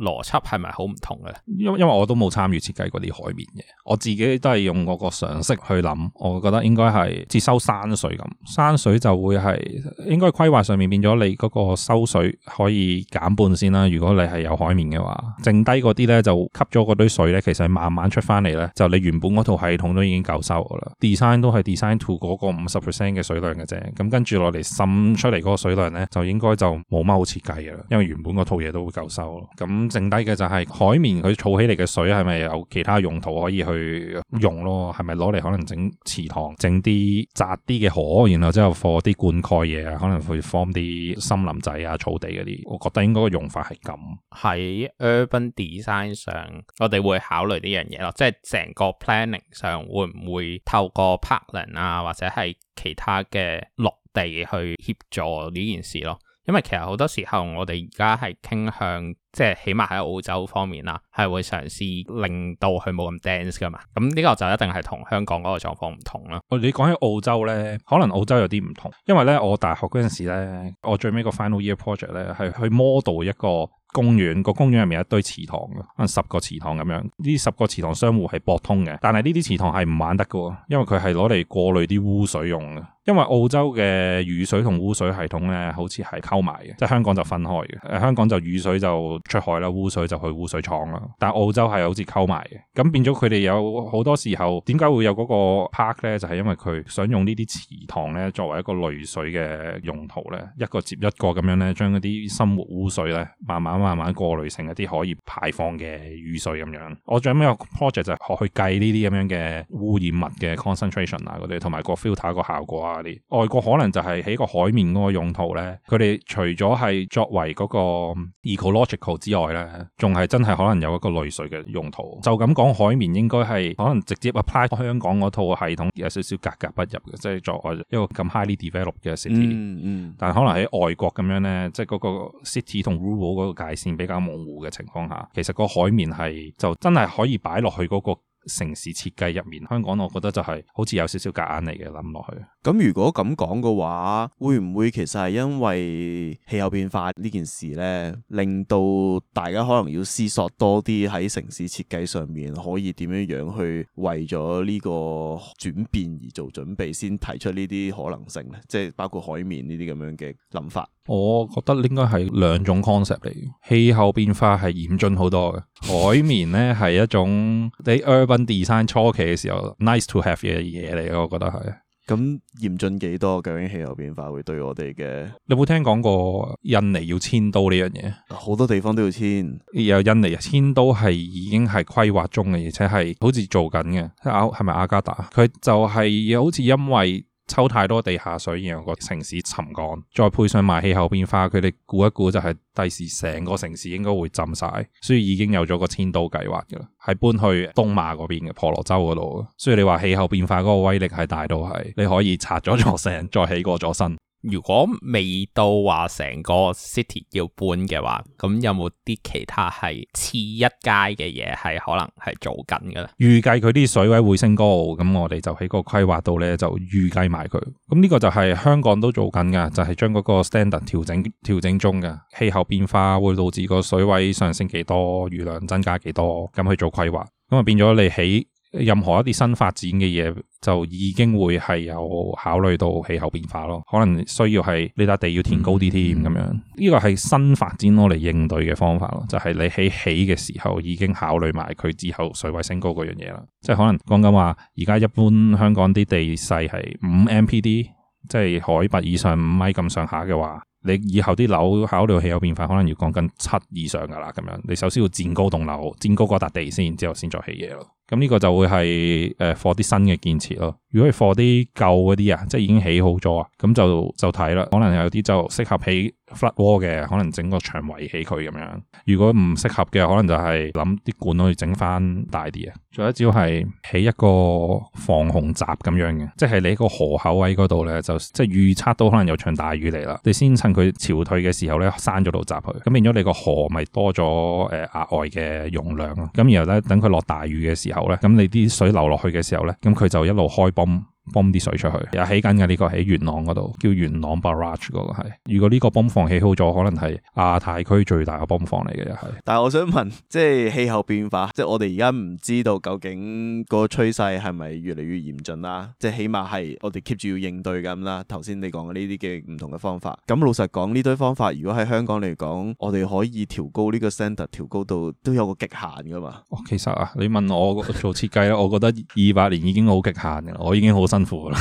邏輯係咪好唔同嘅？因為因為我都冇參與設計嗰啲海綿嘅，我自己都係用我個常識去諗，我覺得應該係接收山水咁，山水就會係應該規劃上面變咗你嗰個收水可以減半先啦。如果你係有海綿嘅話，剩低嗰啲咧就吸咗嗰堆水咧，其實係慢慢出翻嚟咧，就你原本嗰套系統都已經夠收嘅啦。Design 都係 design to 嗰個五十 percent 嘅水嘅啫，咁跟住落嚟滲出嚟嗰個水量咧，就應該就冇乜好設計嘅啦，因為原本個套嘢都會夠收咯。咁剩低嘅就係海綿佢儲起嚟嘅水，係咪有其他用途可以去用咯？係咪攞嚟可能整池塘，整啲窄啲嘅河，然後之後放啲灌溉嘢啊，可能會放啲森林仔啊、草地嗰啲，我覺得應該個用法係咁。喺 urban design 上，我哋會考慮呢樣嘢咯，即係成個 planning 上會唔會透過 parkland 啊，或者係？其他嘅落地去協助呢件事咯，因為其實好多時候我哋而家係傾向，即係起碼喺澳洲方面啦，係會嘗試令到佢冇咁 dense 噶嘛。咁、嗯、呢、這個就一定係同香港嗰個狀況唔同啦。哦，你講起澳洲咧，可能澳洲有啲唔同，因為咧我大學嗰陣時咧，我最尾個 final year project 咧係去 model 一個。公園、個公園入面有一堆池塘嘅，可能十個池塘咁樣，呢十個池塘相互係博通嘅，但係呢啲池塘係唔玩得嘅，因為佢係攞嚟過濾啲污水用嘅。因為澳洲嘅雨水同污水系統咧，好似係溝埋嘅，即係香港就分開嘅。誒、呃，香港就雨水就出海啦，污水就去污水廠啦。但係澳洲係好似溝埋嘅，咁變咗佢哋有好多時候點解會有嗰個 park 咧？就係、是、因為佢想用呢啲池塘咧，作為一個濾水嘅用途咧，一個接一個咁樣咧，將嗰啲生活污水咧，慢慢慢慢過濾成一啲可以排放嘅雨水咁樣。我最屘個 project 就係學去計呢啲咁樣嘅污染物嘅 concentration 啊，嗰啲同埋個 filter 個效果啊。外國可能就係喺個海綿嗰個用途咧，佢哋除咗係作為嗰個 ecological 之外咧，仲係真係可能有一個濾水嘅用途。就咁講，海綿應該係可能直接 apply 香港嗰套系統有少少格格不入嘅，即係作為一個咁 highly develop 嘅 city 嗯。嗯嗯。但係可能喺外國咁樣咧，即係嗰個 city 同 rural 嗰個界線比較模糊嘅情況下，其實個海綿係就真係可以擺落去嗰個。城市設計入面，香港我覺得就係好似有少少夾硬嚟嘅諗落去。咁如果咁講嘅話，會唔會其實係因為氣候變化呢件事呢，令到大家可能要思索多啲喺城市設計上面可以點樣樣去為咗呢個轉變而做準備，先提出呢啲可能性呢？即係包括海綿呢啲咁樣嘅諗法。我覺得應該係兩種 concept 嚟嘅，氣候變化係嚴峻好多嘅。 海綿呢係一種你 urban design 初期嘅時候 nice to have 嘅嘢嚟嘅，我覺得係。咁嚴峻幾多？究竟氣候變化會對我哋嘅？你有冇聽講過印尼要遷都呢樣嘢？好多地方都要遷。有印尼啊，遷都係已經係規劃中嘅，而且係好似做緊嘅。即係阿係咪雅加達？佢就係、是、好似因為。抽太多地下水，然後個城市沉降，再配上埋氣候變化，佢哋估一估就係第時成個城市應該會浸晒，所以已經有咗個遷都計劃嘅啦，係搬去東馬嗰邊嘅婆羅洲嗰度。所以你話氣候變化嗰個威力係大到係，你可以拆咗座城，再起過咗新。如果未到話成個 city 要搬嘅話，咁有冇啲其他係次一階嘅嘢係可能係做緊嘅咧？預計佢啲水位會升高，咁我哋就喺個規劃度咧就預計埋佢。咁呢個就係香港都做緊噶，就係、是、將嗰個 standard 調整調整中嘅氣候變化會導致個水位上升幾多，雨量增加幾多，咁去做規劃，咁啊變咗你喺。任何一啲新發展嘅嘢，就已經會係有考慮到氣候變化咯。可能需要係呢笪地要填高啲添咁樣，呢、這個係新發展攞嚟應對嘅方法咯。就係、是、你喺起嘅時候已經考慮埋佢之後水位升高嗰樣嘢啦。即係可能講緊話，而家一般香港啲地勢係五 MPD，即係海拔以上五米咁上下嘅話。你以後啲樓考慮氣候變化，可能要降緊七以上噶啦，咁樣你首先要佔高棟樓，佔高嗰笪地先，之後先再起嘢咯。咁呢個就會係誒放啲新嘅建設咯。如果係放啲舊嗰啲啊，即係已經起好咗啊，咁就就睇啦。可能有啲就適合起 flood wall 嘅，可能整個牆圍起佢咁樣。如果唔適合嘅，可能就係諗啲管可以整翻大啲啊。仲有一招係起一個防洪閘咁樣嘅，即係你個河口位嗰度咧，就即係預測到可能有場大雨嚟啦，你先。佢潮退嘅時候咧，閂咗度閘佢。咁變咗你個河咪多咗誒額外嘅容量咯。咁然後咧，等佢落大雨嘅時候咧，咁你啲水流落去嘅時候咧，咁佢就一路開泵。泵啲水出去，又起緊嘅呢個喺元朗嗰度，叫元朗 barrage 嗰個係。如果呢個泵房起好咗，可能係亞太區最大嘅泵房嚟嘅又係。但係我想問，即係氣候變化，即係我哋而家唔知道究竟個趨勢係咪越嚟越嚴峻啦？即係起碼係我哋 keep 住要應對咁啦。頭先你講嘅呢啲嘅唔同嘅方法，咁老實講，呢堆方法如果喺香港嚟講，我哋可以調高呢個 standard，調高到都有個極限噶嘛？哦，其實啊，你問我，我做設計咧，我覺得二百年已經好極限嘅啦，我已經好辛苦啦，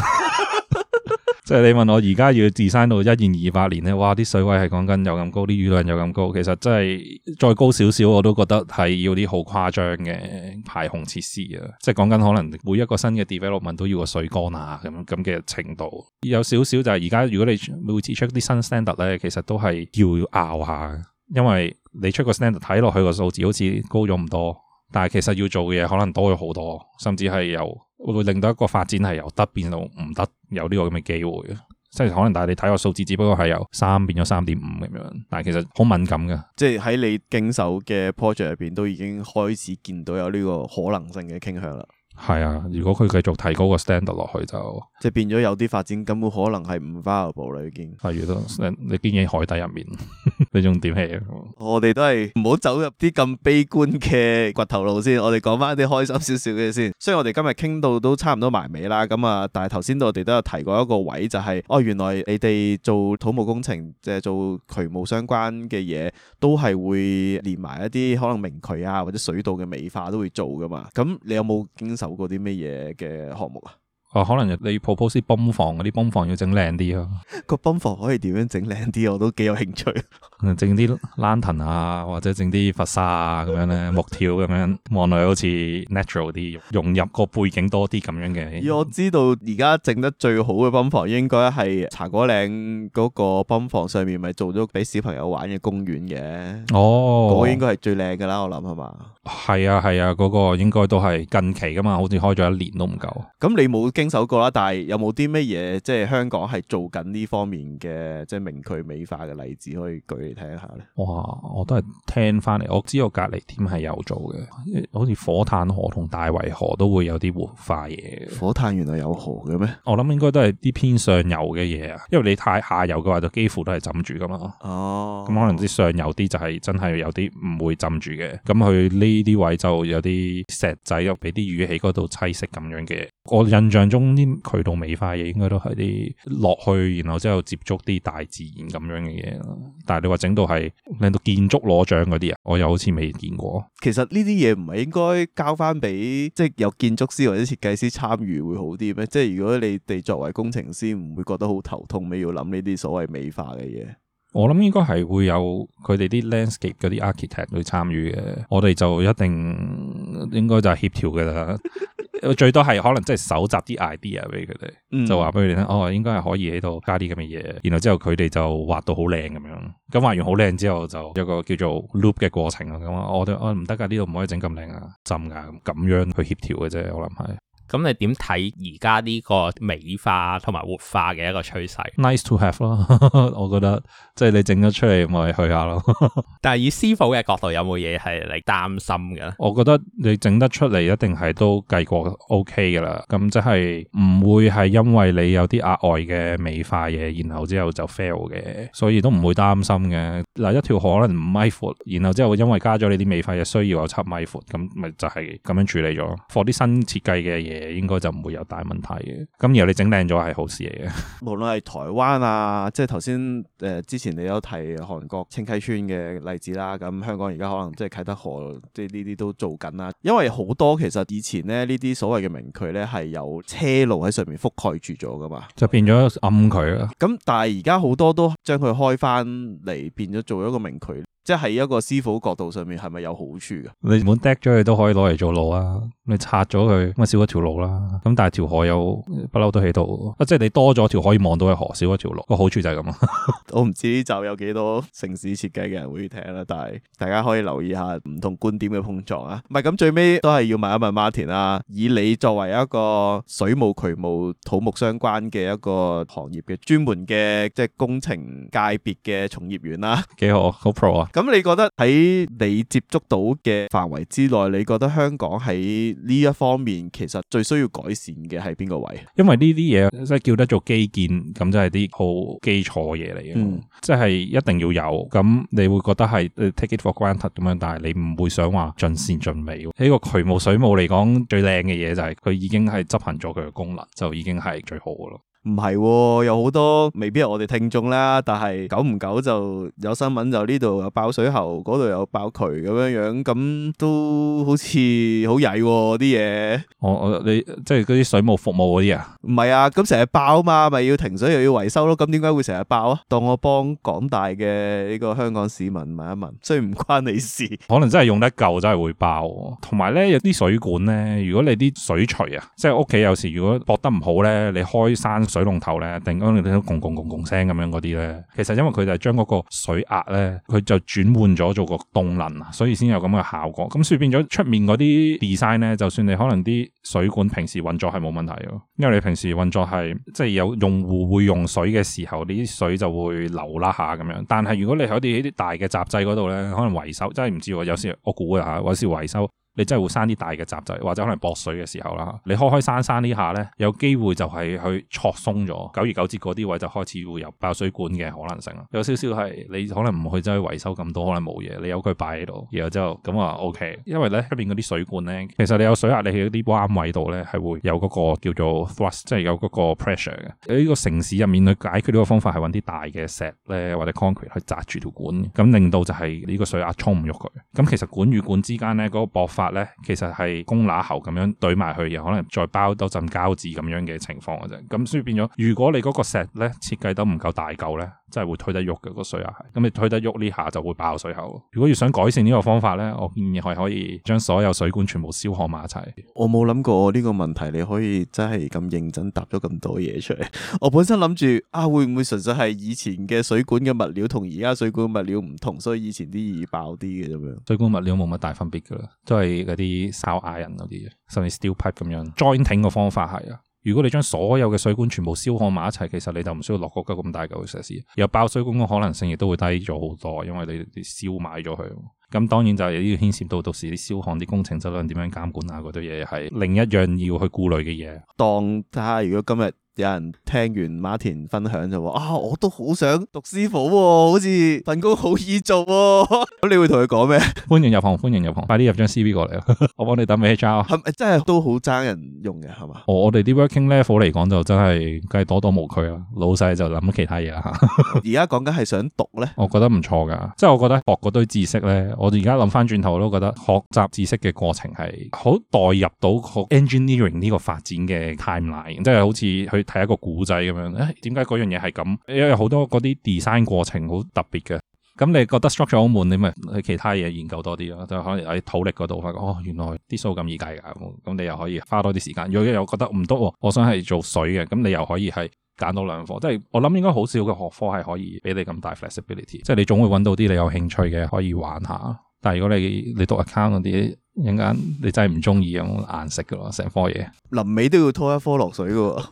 即係 你問我而家要自 e 到一二二八年咧，哇！啲水位係講緊有咁高，啲雨量有咁高，其實真係再高少少，我都覺得係要啲好誇張嘅排洪設施啊！即係講緊可能每一個新嘅 development 都要個水缸啊，咁咁嘅程度，有少少就係而家如果你每次出啲新 standard 咧，其實都係要拗下，因為你出個 standard 睇落去個數字好似高咗唔多。但係其實要做嘅嘢可能多咗好多，甚至係由會令到一個發展係由得變到唔得，有呢個咁嘅機會，即係可能。但係你睇個數字，只不過係由三變咗三點五咁樣，但係其實好敏感嘅，即係喺你經手嘅 project 入邊都已經開始見到有呢個可能性嘅傾向啦。係啊，如果佢繼續提高個 standard 落去，就即係變咗有啲發展根本可能係唔 viable 啦已經。例如都你啲喺海底入面， 你仲點起啊？ 我哋都係唔好走入啲咁悲觀嘅掘頭路先。我哋講翻啲開心少少嘅先。雖然 我哋今日傾到都差唔多埋尾啦，咁啊，但係頭先我哋都有提過一個位，就是，就係哦，原來你哋做土木工程即係做渠務相關嘅嘢，都係會連埋一啲可能明渠啊或者水道嘅美化都會做噶嘛。咁你有冇經手有過啲乜嘢嘅項目啊？啊，可能你 proposal 泵房，嗰啲泵房要整靚啲啊？個泵房可以點樣整靚啲？我都幾有興趣。 整啲 lantern 啊，或者整啲佛沙啊，咁樣咧木條咁樣，望落去好似 natural 啲，融入個背景多啲咁樣嘅。咦，我知道而家整得最好嘅泵房應該係茶果嶺嗰個泵房上面，咪做咗俾小朋友玩嘅公園嘅。哦，個應該係最靚噶啦，我諗係嘛？係啊係啊，嗰個應該都係近期噶嘛，好似開咗一年都唔夠。咁你冇經手過啦，但係有冇啲乜嘢即係香港係做緊呢方面嘅即係明渠美化嘅例子可以舉？你睇下咧，哇！我都係聽翻嚟，我知道我隔籬添係有做嘅，好似火炭河同大圍河都會有啲活化嘢。火炭原來有河嘅咩？我諗應該都係啲偏上游嘅嘢啊，因為你太下游嘅話就幾乎都係浸住噶嘛。哦，咁可能啲上游啲就係真係有啲唔會浸住嘅，咁佢呢啲位就有啲石仔，又俾啲魚喺嗰度棲息咁樣嘅。我印象中啲渠道美化嘢應該都係啲落去，然後之後接觸啲大自然咁樣嘅嘢咯。但係你話。整到係令到建築攞獎嗰啲人，我又好似未見過。其實呢啲嘢唔係應該交翻俾即係有建築師或者設計師參與會好啲咩？即係如果你哋作為工程師，唔會覺得好頭痛，你要諗呢啲所謂美化嘅嘢。我諗應該係會有佢哋啲 landscape 嗰啲 architect 去參與嘅。我哋就一定應該就係協調嘅啦。 最多係可能即係搜集啲 idea 俾佢哋。嗯、就話俾佢哋聽哦，應該係可以喺度加啲咁嘅嘢。然後之後佢哋就畫到好靚咁樣。咁畫完好靚之後，就有個叫做 loop 嘅過程啊。咁啊，我哋哦唔得噶，呢度唔可以整咁靚啊，浸啊咁樣去協調嘅啫，我諗係。咁你點睇而家呢個美化同埋活化嘅一個趨勢？Nice to have 咯 ，我覺得即係你整得出嚟，咪去下咯 。但係以師傅嘅角度，有冇嘢係你擔心嘅咧？我覺得你整得出嚟，一定係都計過 OK 噶啦。咁即係唔會係因為你有啲額外嘅美化嘢，然後之後就 fail 嘅，所以都唔會擔心嘅。嗱，嗯、一條可能五米闊，然後之後因為加咗你啲美化嘢，需要有七米闊，咁咪就係咁樣處理咗，放啲新設計嘅嘢。嘢應該就唔會有大問題嘅。咁然後你整靚咗係好事嚟嘅。無論係台灣啊，即係頭先誒之前你有提韓國清溪川嘅例子啦。咁香港而家可能即係啟德河，即係呢啲都做緊啦。因為好多其實以前咧呢啲所謂嘅明渠咧係有車路喺上面覆蓋住咗㗎嘛，就變咗暗渠啦。咁、嗯、但係而家好多都將佢開返嚟，變咗做一個明渠。即係一個師傅角度上面，係咪有好處嘅？你唔好抌咗佢都可以攞嚟做路啊。你拆咗佢咪少一條路啦，啊。咁但係條河又不嬲都喺度，即係你多咗條可以望到嘅河，少一條路，個好處就係咁啊！我 唔知就有幾多城市設計嘅人會聽啦，但係大家可以留意下唔同觀點嘅碰撞啊！唔係咁最尾都係要問一問 Martin 啊，以你作為一個水務渠務土木相關嘅一個行業嘅專門嘅即係工程界別嘅從業員啦，幾好好 pro 啊！咁你覺得喺你接觸到嘅範圍之內，你覺得香港喺呢一方面其實最需要改善嘅係邊個位？因為呢啲嘢即係叫得做基建，咁、嗯、即係啲好基礎嘢嚟嘅，即係一定要有。咁你會覺得係 take it for granted 咁樣，但係你唔會想話盡善盡美。喺、嗯、個渠務水務嚟講，最靚嘅嘢就係佢已經係執行咗佢嘅功能，就已經係最好嘅咯。唔係喎，有好多未必係我哋聽眾啦，但係久唔久就有新聞，就呢度有爆水喉，嗰度有爆渠咁樣樣，咁都好似好曳啲嘢。我我、哦、你即係嗰啲水務服務嗰啲啊？唔係啊，咁成日爆啊嘛，咪要停水又要維修咯。咁點解會成日爆啊？當我幫廣大嘅呢個香港市民問一問，雖然唔關你事。可能真係用得舊，真係會爆，啊。同埋咧，有啲水管咧，如果你啲水渠啊，即係屋企有時如果駁得唔好咧，你開山。水龍頭咧，定嗰你聽到拱拱拱拱聲咁樣嗰啲咧，其實因為佢就將嗰個水壓咧，佢就轉換咗做個動能啊，所以先有咁嘅效果。咁所以變咗出面嗰啲 design 咧，就算你可能啲水管平時運作係冇問題嘅，因為你平時運作係即係有用戶會用水嘅時候，啲水就會流啦下咁樣。但係如果你喺啲啲大嘅雜制嗰度咧，可能維修真係唔知喎。有時我估啊吓，有時維修。你真係會生啲大嘅雜仔，或者可能駁水嘅時候啦，你開開閂閂下呢下咧，有機會就係去戳鬆咗，久而久之嗰啲位就開始會有爆水管嘅可能性啦。有少少係你可能唔去真係維修咁多，可能冇嘢，你由佢擺喺度，然後之後咁啊 OK。因為咧入面嗰啲水管咧，其實你有水壓你喺啲彎位度咧係會有嗰個叫做 thrust 即係有嗰個 pressure 嘅。喺呢個城市入面去解決呢個方法係揾啲大嘅石咧或者 concrete 去紮住條管，咁令到就係呢個水壓衝唔喐佢。咁其實管與管之間咧嗰個駁法。其實係公乸喉咁樣對埋去，又可能再包多陣膠紙咁樣嘅情況嘅啫。咁所以變咗，如果你嗰個石咧設計得唔夠大嚿咧。真係會推得喐嘅個水壓，咁、嗯、你推得喐呢下就會爆水喉。如果要想改善呢個方法咧，我建議係可以將所有水管全部燒焊埋一齊。我冇諗過呢個問題，你可以真係咁認真答咗咁多嘢出嚟。我本身諗住啊，會唔會純粹係以前嘅水管嘅物料同而家水管物料唔同，所以以前啲易爆啲嘅咁樣。水管物料冇乜大分別噶，都係嗰啲燒嗌人嗰啲，甚至 steel pipe 咁樣 jointing 嘅方法係啊。如果你將所有嘅水管全部燒焊埋一齊，其實你就唔需要落個咁大嚿嘅石屎。又爆水管嘅可能性亦都會低咗好多，因為你燒埋咗佢。咁當然就係要個牽涉到到時啲燒焊啲工程質量點樣監管啊，嗰啲嘢係另一樣要去顧慮嘅嘢。當睇下如果今日。有人聽完 Martin 分享就話：啊，我都好想讀師傅喎、哦，好似份工好易做喎、哦。咁 你會同佢講咩？歡迎入行，歡迎入行，快啲入張 CV 過嚟啊，我幫你等俾 HR。係咪真係都好爭人用嘅係嘛？哦，我哋啲 working level 嚟講就真係梗係多多無拘啊，老細就諗其他嘢啦嚇。而家講緊係想讀咧， 我覺得唔錯㗎。即係我覺得學嗰堆知識咧，我而家諗翻轉頭都覺得學習知識嘅過程係好代入到學 engineering 呢個發展嘅 timeline，即係好似去，睇一個古仔咁樣，誒點解嗰樣嘢係咁？因為好多嗰啲 design 過程好特別嘅，咁你覺得 structure 好悶，你咪去其他嘢研究多啲咯。就可能喺土力嗰度發覺，哦，原來啲數咁易計㗎，咁你又可以花多啲時間。如果你又覺得唔得，我想係做水嘅，咁你又可以係揀多兩科。即係我諗應該好少嘅學科係可以俾你咁大 flexibility，即係你總會揾到啲你有興趣嘅可以玩下。但係如果你你讀 account 嗰啲，一陣間你真係唔中意咁顏色嘅咯，成科嘢，臨尾都要拖一科落水嘅喎。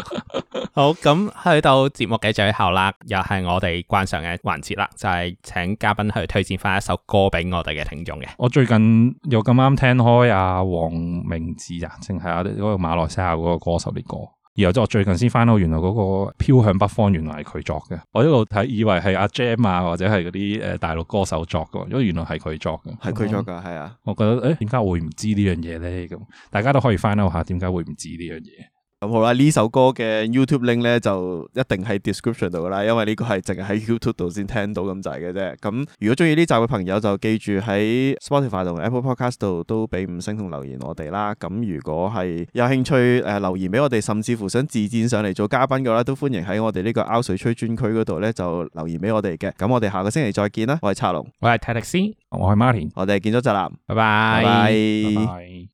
好，咁，去到節目嘅最後啦，又係我哋關上嘅環節啦，就係、是、請嘉賓去推薦翻一首歌俾我哋嘅聽眾嘅。 我最近又咁啱聽開阿黃明志啊，淨係阿啲嗰個馬來西亞嗰個歌手啲歌。然後即我最近先翻到，原來嗰個漂向北方原來係佢作嘅。我一路睇以為係阿 Gem 啊，或者係嗰啲大陸歌手作嘅，因為原來係佢作嘅，係佢作嘅，係啊后。的我覺得誒點解會唔知呢樣嘢咧？大家都可以翻到下點解會唔知呢樣嘢。咁好啦，呢首歌嘅 YouTube link 咧就一定喺 description 度啦，因為呢個係淨係喺 YouTube 度先聽到咁滯嘅啫。咁如果中意呢集嘅朋友就記住喺 Spotify 同 Apple Podcast 度都俾五星同留言我哋啦。咁如果係有興趣誒、呃、留言俾我哋，甚至乎想自薦上嚟做嘉賓嘅話，都歡迎喺我哋呢個 Out 水吹專區嗰度咧就留言俾我哋嘅。咁我哋下個星期再見啦。我係策龍，我係泰迪斯，我係 Martin，我哋建築宅男，拜拜。